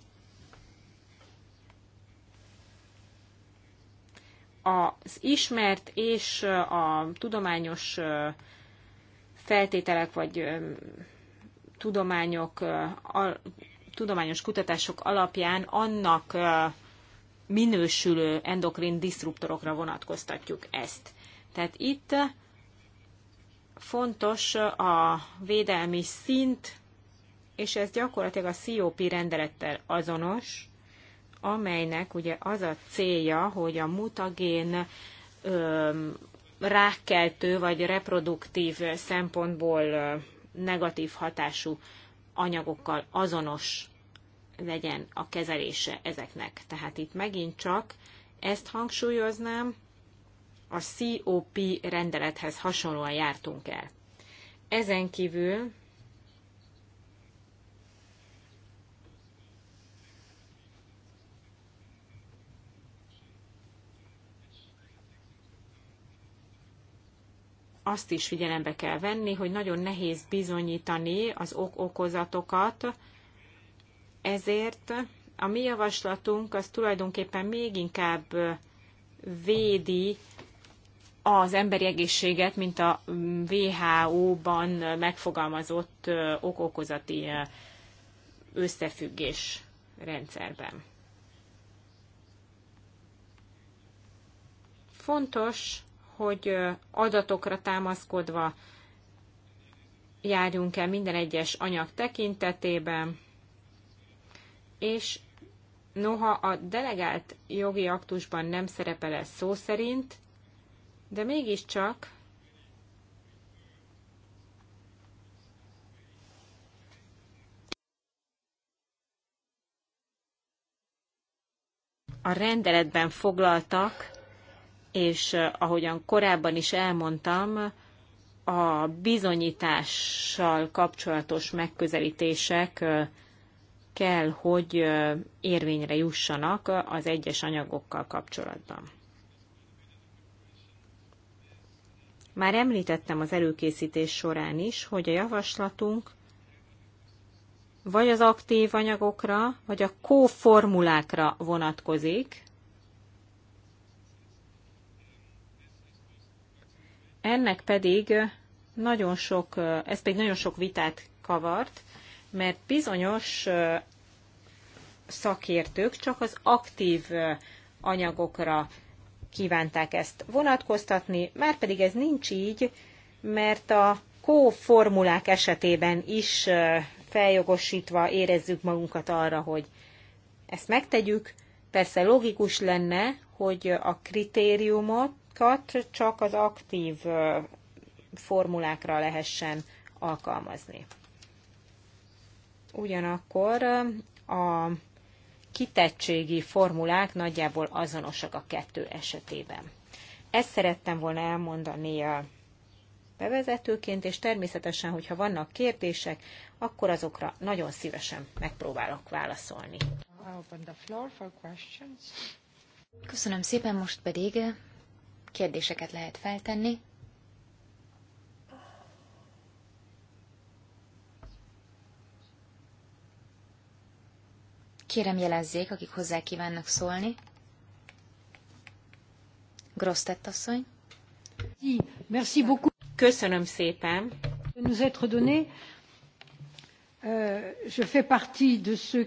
Az ismert és a tudományos feltételek vagy tudományok, a, tudományos kutatások alapján annak minősülő endokrin diszruptorokra vonatkoztatjuk ezt. Tehát itt fontos a védelmi szint, és ez gyakorlatilag a COP rendelettel azonos, amelynek ugye az a célja, hogy a mutagén rákkeltő vagy reproduktív szempontból negatív hatású anyagokkal azonos legyen a kezelése ezeknek. Tehát itt megint csak ezt hangsúlyoznám, a COP rendelethez hasonlóan jártunk el. Ezen kívül azt is figyelembe kell venni, hogy nagyon nehéz bizonyítani az ok-okozatokat, ezért a mi javaslatunk az tulajdonképpen még inkább védi az emberi egészséget, mint a WHO-ban megfogalmazott okokozati összefüggés rendszerben. Fontos hogy adatokra támaszkodva járjunk el minden egyes anyag tekintetében, és noha a delegált jogi aktusban nem szerepel ez szó szerint, de mégiscsak a rendeletben foglaltak és eh, ahogyan korábban is elmondtam, a bizonyítással kapcsolatos megközelítések eh, kell, hogy eh, érvényre jussanak az egyes anyagokkal kapcsolatban. Már említettem az előkészítés során is, hogy a javaslatunk vagy az aktív anyagokra, vagy a kóformulákra vonatkozik, Ennek pedig nagyon sok, ez pedig nagyon sok vitát kavart, mert bizonyos szakértők csak az aktív anyagokra kívánták ezt vonatkoztatni, már pedig ez nincs így, mert a kóformulák esetében is feljogosítva érezzük magunkat arra, hogy ezt megtegyük. Persze logikus lenne, hogy a kritériumot normákat csak az aktív formulákra lehessen alkalmazni. Ugyanakkor a kitettségi formulák nagyjából azonosak a kettő esetében. Ezt szerettem volna elmondani a bevezetőként, és természetesen, hogyha vannak kérdések, akkor azokra nagyon szívesen megpróbálok válaszolni. Köszönöm szépen, most pedig kérdéseket lehet feltenni. Kérem jelezzék, akik hozzá kívánnak szólni. Grosztett asszony. Merci beaucoup. Köszönöm szépen. Nous être donné. Euh, je fais partie de ceux...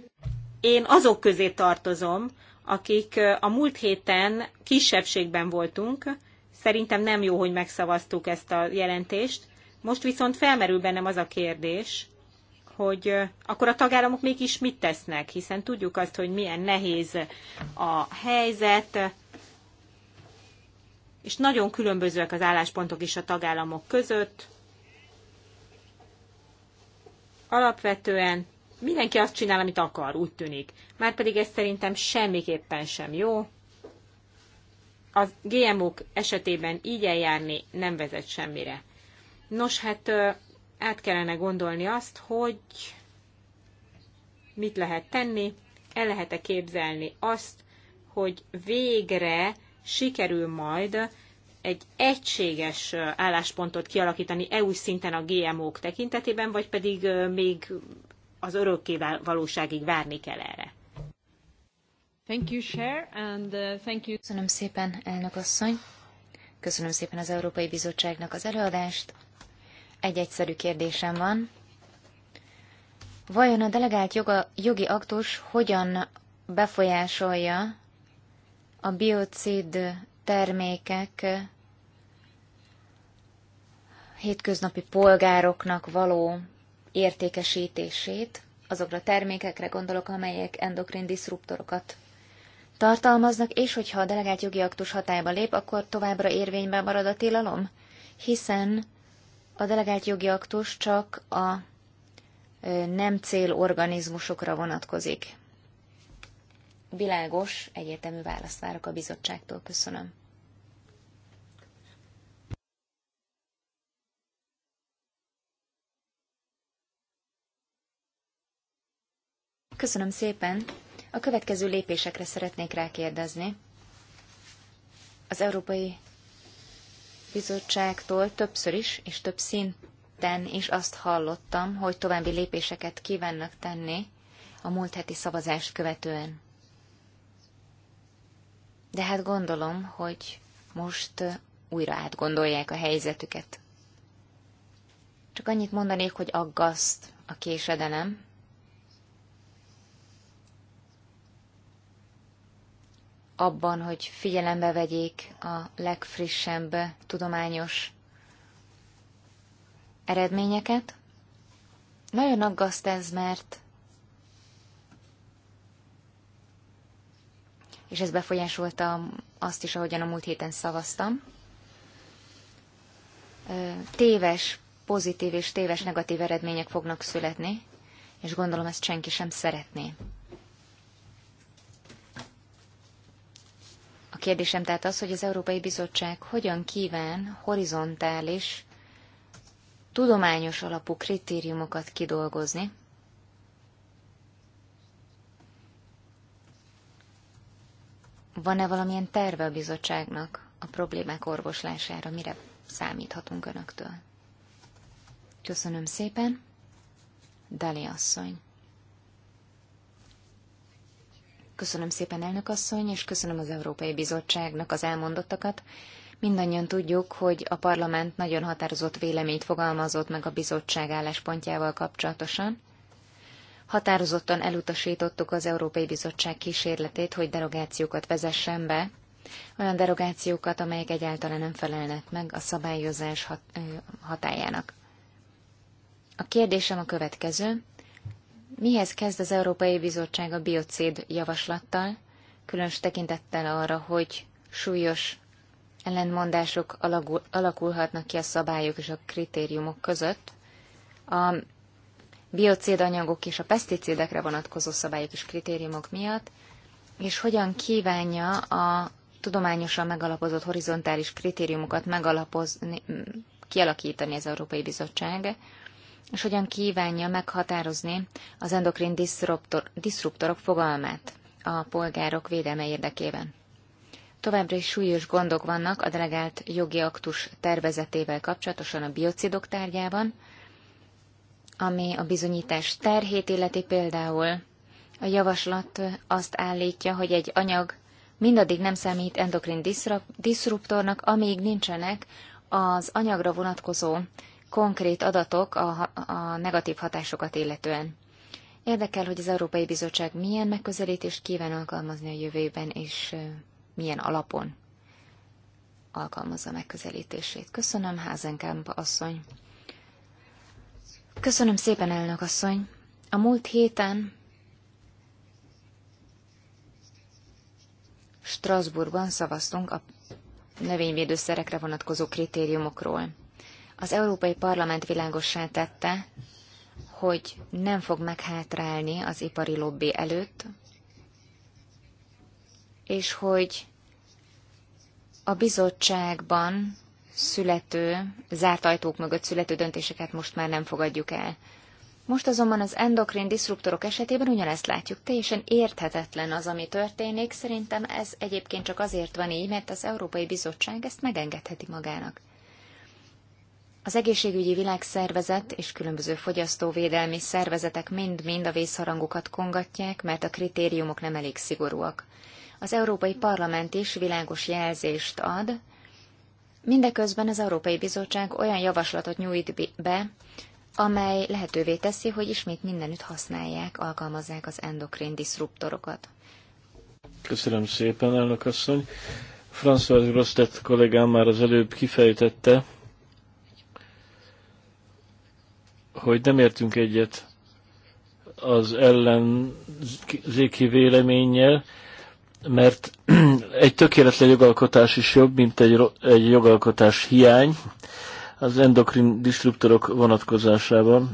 Én azok közé tartozom, akik a múlt héten kisebbségben voltunk, szerintem nem jó, hogy megszavaztuk ezt a jelentést. Most viszont felmerül bennem az a kérdés, hogy akkor a tagállamok mégis mit tesznek, hiszen tudjuk azt, hogy milyen nehéz a helyzet, és nagyon különbözőek az álláspontok is a tagállamok között. Alapvetően mindenki azt csinál, amit akar, úgy tűnik. Márpedig ez szerintem semmiképpen sem jó. A GMO-k esetében így eljárni nem vezet semmire. Nos, hát át kellene gondolni azt, hogy mit lehet tenni, el lehet-e képzelni azt, hogy végre sikerül majd egy egységes álláspontot kialakítani EU szinten a GMO-k tekintetében, vagy pedig még az örökké valóságig várni kell erre. Thank you, Cher, and uh, thank you. Köszönöm szépen, elnök asszony. Köszönöm szépen az Európai Bizottságnak az előadást. Egy egyszerű kérdésem van. Vajon a delegált joga, jogi aktus hogyan befolyásolja a biocid termékek hétköznapi polgároknak való értékesítését, azokra a termékekre gondolok, amelyek endokrin diszruptorokat tartalmaznak, és hogyha a delegált jogi aktus hatályba lép, akkor továbbra érvényben marad a tilalom, hiszen a delegált jogi aktus csak a nem cél organizmusokra vonatkozik. Világos, egyetemű választ várok a bizottságtól. Köszönöm. Köszönöm szépen. A következő lépésekre szeretnék rákérdezni. Az Európai Bizottságtól többször is és több szinten is azt hallottam, hogy további lépéseket kívánnak tenni a múlt heti szavazást követően. De hát gondolom, hogy most újra átgondolják a helyzetüket. Csak annyit mondanék, hogy aggaszt a késedelem, abban, hogy figyelembe vegyék a legfrissebb tudományos eredményeket. Nagyon aggaszt ez, mert és ez befolyásolta azt is, ahogyan a múlt héten szavaztam. Téves pozitív és téves negatív eredmények fognak születni, és gondolom ezt senki sem szeretné. A kérdésem tehát az, hogy az Európai Bizottság hogyan kíván horizontális, tudományos alapú kritériumokat kidolgozni, Van-e valamilyen terve a bizottságnak a problémák orvoslására, mire számíthatunk önöktől? Köszönöm szépen, Dali asszony. Köszönöm szépen, elnök asszony, és köszönöm az Európai Bizottságnak az elmondottakat. Mindannyian tudjuk, hogy a parlament nagyon határozott véleményt fogalmazott meg a bizottság álláspontjával kapcsolatosan. Határozottan elutasítottuk az Európai Bizottság kísérletét, hogy derogációkat vezessen be, olyan derogációkat, amelyek egyáltalán nem felelnek meg a szabályozás hat, hatájának. A kérdésem a következő. Mihez kezd az Európai Bizottság a biocéd javaslattal, különös tekintettel arra, hogy súlyos ellentmondások alakulhatnak ki a szabályok és a kritériumok között, a biocéd anyagok és a peszticidekre vonatkozó szabályok és kritériumok miatt, és hogyan kívánja a tudományosan megalapozott horizontális kritériumokat megalapozni, kialakítani az Európai Bizottság, és hogyan kívánja meghatározni az endokrin diszruptor, diszruptorok fogalmát a polgárok védelme érdekében. Továbbra is súlyos gondok vannak a delegált jogi aktus tervezetével kapcsolatosan a biocidok tárgyában, ami a bizonyítás terhét illeti például. A javaslat azt állítja, hogy egy anyag mindaddig nem számít endokrin diszruptornak, amíg nincsenek az anyagra vonatkozó konkrét adatok a, a negatív hatásokat illetően. Érdekel, hogy az Európai Bizottság milyen megközelítést kíván alkalmazni a jövőben, és milyen alapon alkalmazza megközelítését. Köszönöm, Házenkámpa asszony. Köszönöm szépen, elnök asszony. A múlt héten Strasbourgban szavaztunk a növényvédőszerekre vonatkozó kritériumokról. Az Európai Parlament világossá tette, hogy nem fog meghátrálni az ipari lobby előtt, és hogy a bizottságban születő, zárt ajtók mögött születő döntéseket most már nem fogadjuk el. Most azonban az endokrin diszruptorok esetében ugyanezt látjuk. Teljesen érthetetlen az, ami történik. Szerintem ez egyébként csak azért van így, mert az Európai Bizottság ezt megengedheti magának. Az egészségügyi világszervezet és különböző fogyasztóvédelmi szervezetek mind-mind a vészharangokat kongatják, mert a kritériumok nem elég szigorúak. Az Európai Parlament is világos jelzést ad, mindeközben az Európai Bizottság olyan javaslatot nyújt be, amely lehetővé teszi, hogy ismét mindenütt használják, alkalmazzák az endokrin diszruptorokat. Köszönöm szépen, elnök asszony. François Rostet kollégám már az előbb kifejtette, hogy nem értünk egyet az ellenzéki véleménnyel, mert egy tökéletlen jogalkotás is jobb, mint egy, egy jogalkotás hiány az endokrin disruptorok vonatkozásában.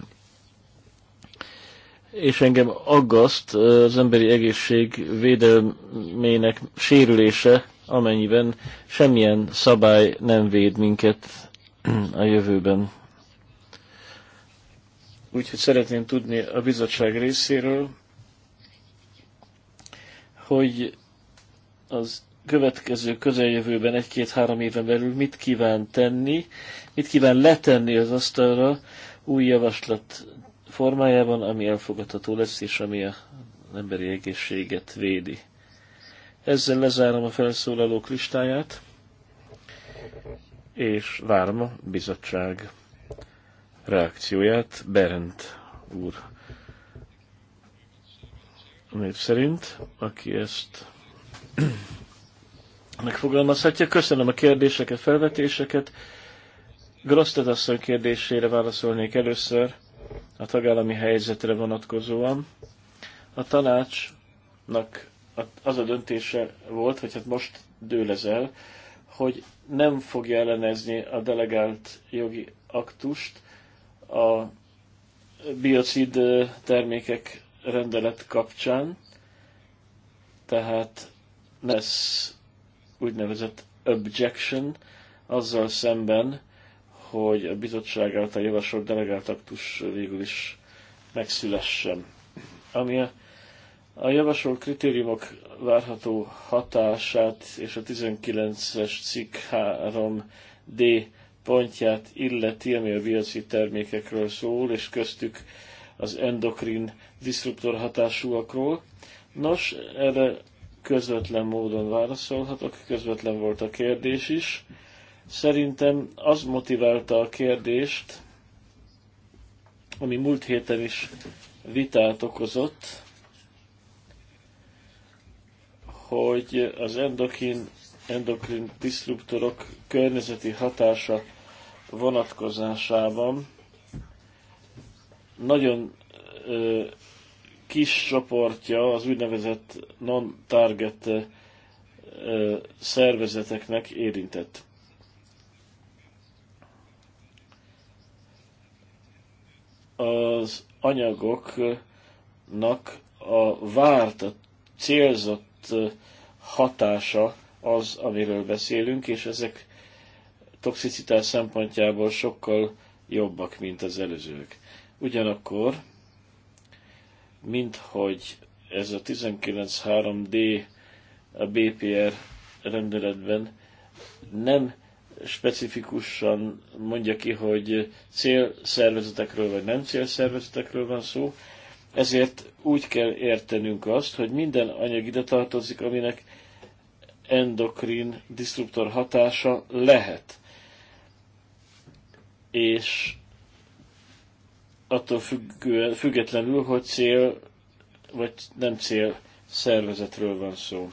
És engem aggaszt az emberi egészség védelmének sérülése, amennyiben semmilyen szabály nem véd minket a jövőben. Úgyhogy szeretném tudni a bizottság részéről, hogy az következő közeljövőben, egy-két-három éven belül mit kíván tenni, mit kíván letenni az asztalra új javaslat formájában, ami elfogadható lesz, és ami a emberi egészséget védi. Ezzel lezárom a felszólalók listáját, és várom a bizottság reakcióját Berend úr név szerint, aki ezt megfogalmazhatja. Köszönöm a kérdéseket, felvetéseket. Grosztet asszony kérdésére válaszolnék először a tagállami helyzetre vonatkozóan. A tanácsnak az a döntése volt, hogy hát most dőlezel, hogy nem fogja ellenezni a delegált jogi aktust, a biocid termékek rendelet kapcsán, tehát lesz úgynevezett objection azzal szemben, hogy a bizottság által javasolt delegáltaktus végül is megszülessen. Ami a, a javasolt kritériumok várható hatását és a 19-es cikk 3D pontját illeti, ami a piaci termékekről szól, és köztük az endokrin disruptor hatásúakról. Nos, erre közvetlen módon válaszolhatok, közvetlen volt a kérdés is. Szerintem az motiválta a kérdést, ami múlt héten is vitát okozott, hogy az endokrin endokrin disruptorok környezeti hatása vonatkozásában nagyon ö, kis csoportja az úgynevezett non-target szervezeteknek érintett. Az anyagoknak a várt, a célzott hatása az, amiről beszélünk, és ezek toxicitás szempontjából sokkal jobbak, mint az előzők. Ugyanakkor, minthogy ez a 19.3D a BPR rendeletben nem specifikusan mondja ki, hogy célszervezetekről vagy nem célszervezetekről van szó, ezért úgy kell értenünk azt, hogy minden anyag ide tartozik, aminek endokrin disruptor hatása lehet. És attól függ, függetlenül, hogy cél vagy nem cél szervezetről van szó.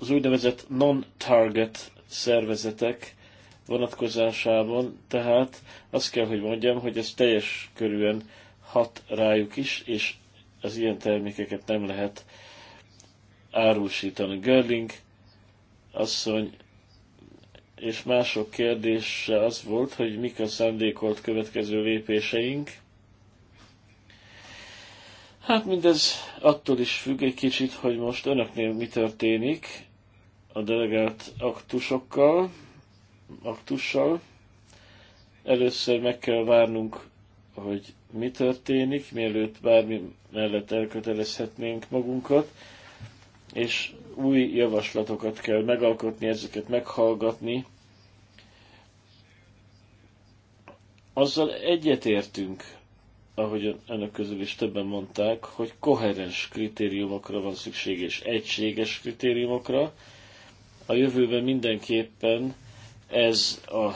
Az úgynevezett non-target szervezetek vonatkozásában, tehát azt kell, hogy mondjam, hogy ez teljes körűen hat rájuk is, és az ilyen termékeket nem lehet árusítani. Görling asszony és mások kérdése az volt, hogy mik a szándékolt következő lépéseink. Hát mindez attól is függ egy kicsit, hogy most önöknél mi történik a delegált aktusokkal, aktussal. Először meg kell várnunk hogy mi történik, mielőtt bármi mellett elkötelezhetnénk magunkat, és új javaslatokat kell megalkotni, ezeket meghallgatni. Azzal egyetértünk, ahogy önök közül is többen mondták, hogy koherens kritériumokra van szükség, és egységes kritériumokra. A jövőben mindenképpen ez a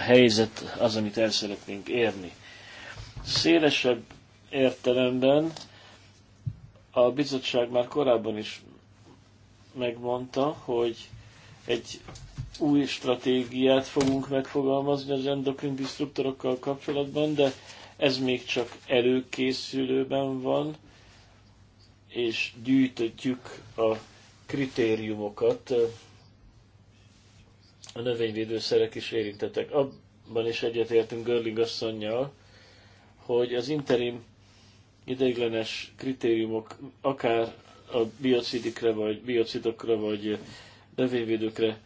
helyzet az, amit el szeretnénk érni. Szélesebb értelemben a bizottság már korábban is megmondta, hogy egy új stratégiát fogunk megfogalmazni az endokrin disruptorokkal kapcsolatban, de ez még csak előkészülőben van, és gyűjtötjük a kritériumokat. A növényvédőszerek is érintettek. Abban is egyetértünk Görling asszonynal, hogy az interim ideiglenes kritériumok akár a biocidikre, vagy biocidokra, vagy növényvédőkre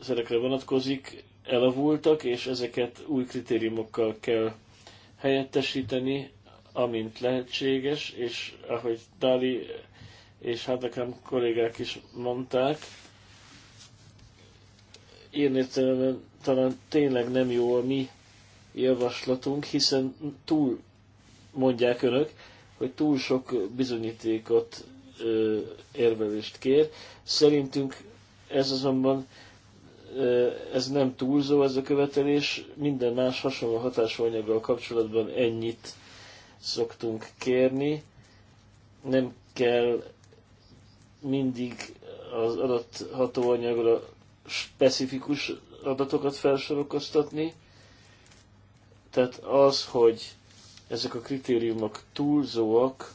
szerekre vonatkozik, elavultak, és ezeket új kritériumokkal kell helyettesíteni, amint lehetséges, és ahogy Dali és hát nekem kollégák is mondták, én értelemben talán tényleg nem jó a mi javaslatunk, hiszen túl mondják önök, hogy túl sok bizonyítékot, ö, érvelést kér. Szerintünk ez azonban ö, ez nem túlzó, ez a követelés. Minden más hasonló hatásolnyaggal kapcsolatban ennyit szoktunk kérni. Nem kell mindig az adott hatóanyagra specifikus adatokat felsorokoztatni, tehát az, hogy ezek a kritériumok túlzóak,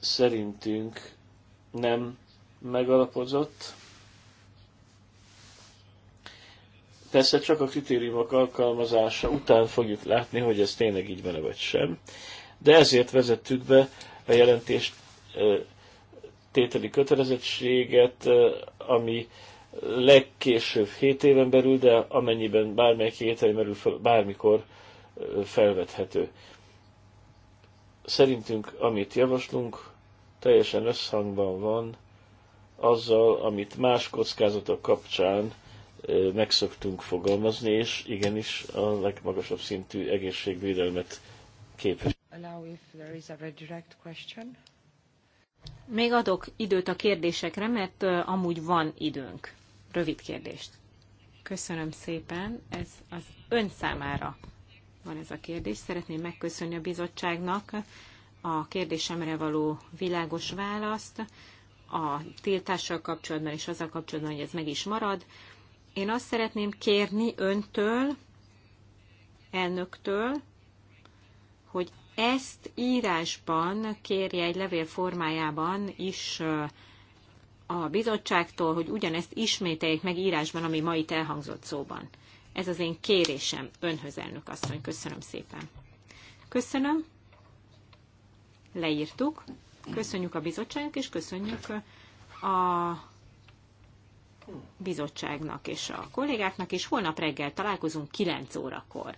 szerintünk nem megalapozott. Persze csak a kritériumok alkalmazása után fogjuk látni, hogy ez tényleg így van vagy sem. De ezért vezettük be a jelentést tételi kötelezettséget, ami legkésőbb 7 éven belül, de amennyiben bármelyik kétel merül fel, bármikor felvethető. Szerintünk, amit javaslunk, teljesen összhangban van azzal, amit más kockázatok kapcsán megszoktunk fogalmazni, és igenis a legmagasabb szintű egészségvédelmet képes. Még adok időt a kérdésekre, mert amúgy van időnk rövid kérdést. Köszönöm szépen, ez az ön számára van ez a kérdés. Szeretném megköszönni a bizottságnak a kérdésemre való világos választ, a tiltással kapcsolatban és azzal kapcsolatban, hogy ez meg is marad. Én azt szeretném kérni öntől, elnöktől, hogy ezt írásban kérje egy levél formájában is a bizottságtól, hogy ugyanezt ismételjék meg írásban, ami ma itt elhangzott szóban. Ez az én kérésem önhöz, elnök asszony. Köszönöm szépen. Köszönöm. Leírtuk. Köszönjük a bizottságnak, és köszönjük a bizottságnak és a kollégáknak, és holnap reggel találkozunk 9 órakor.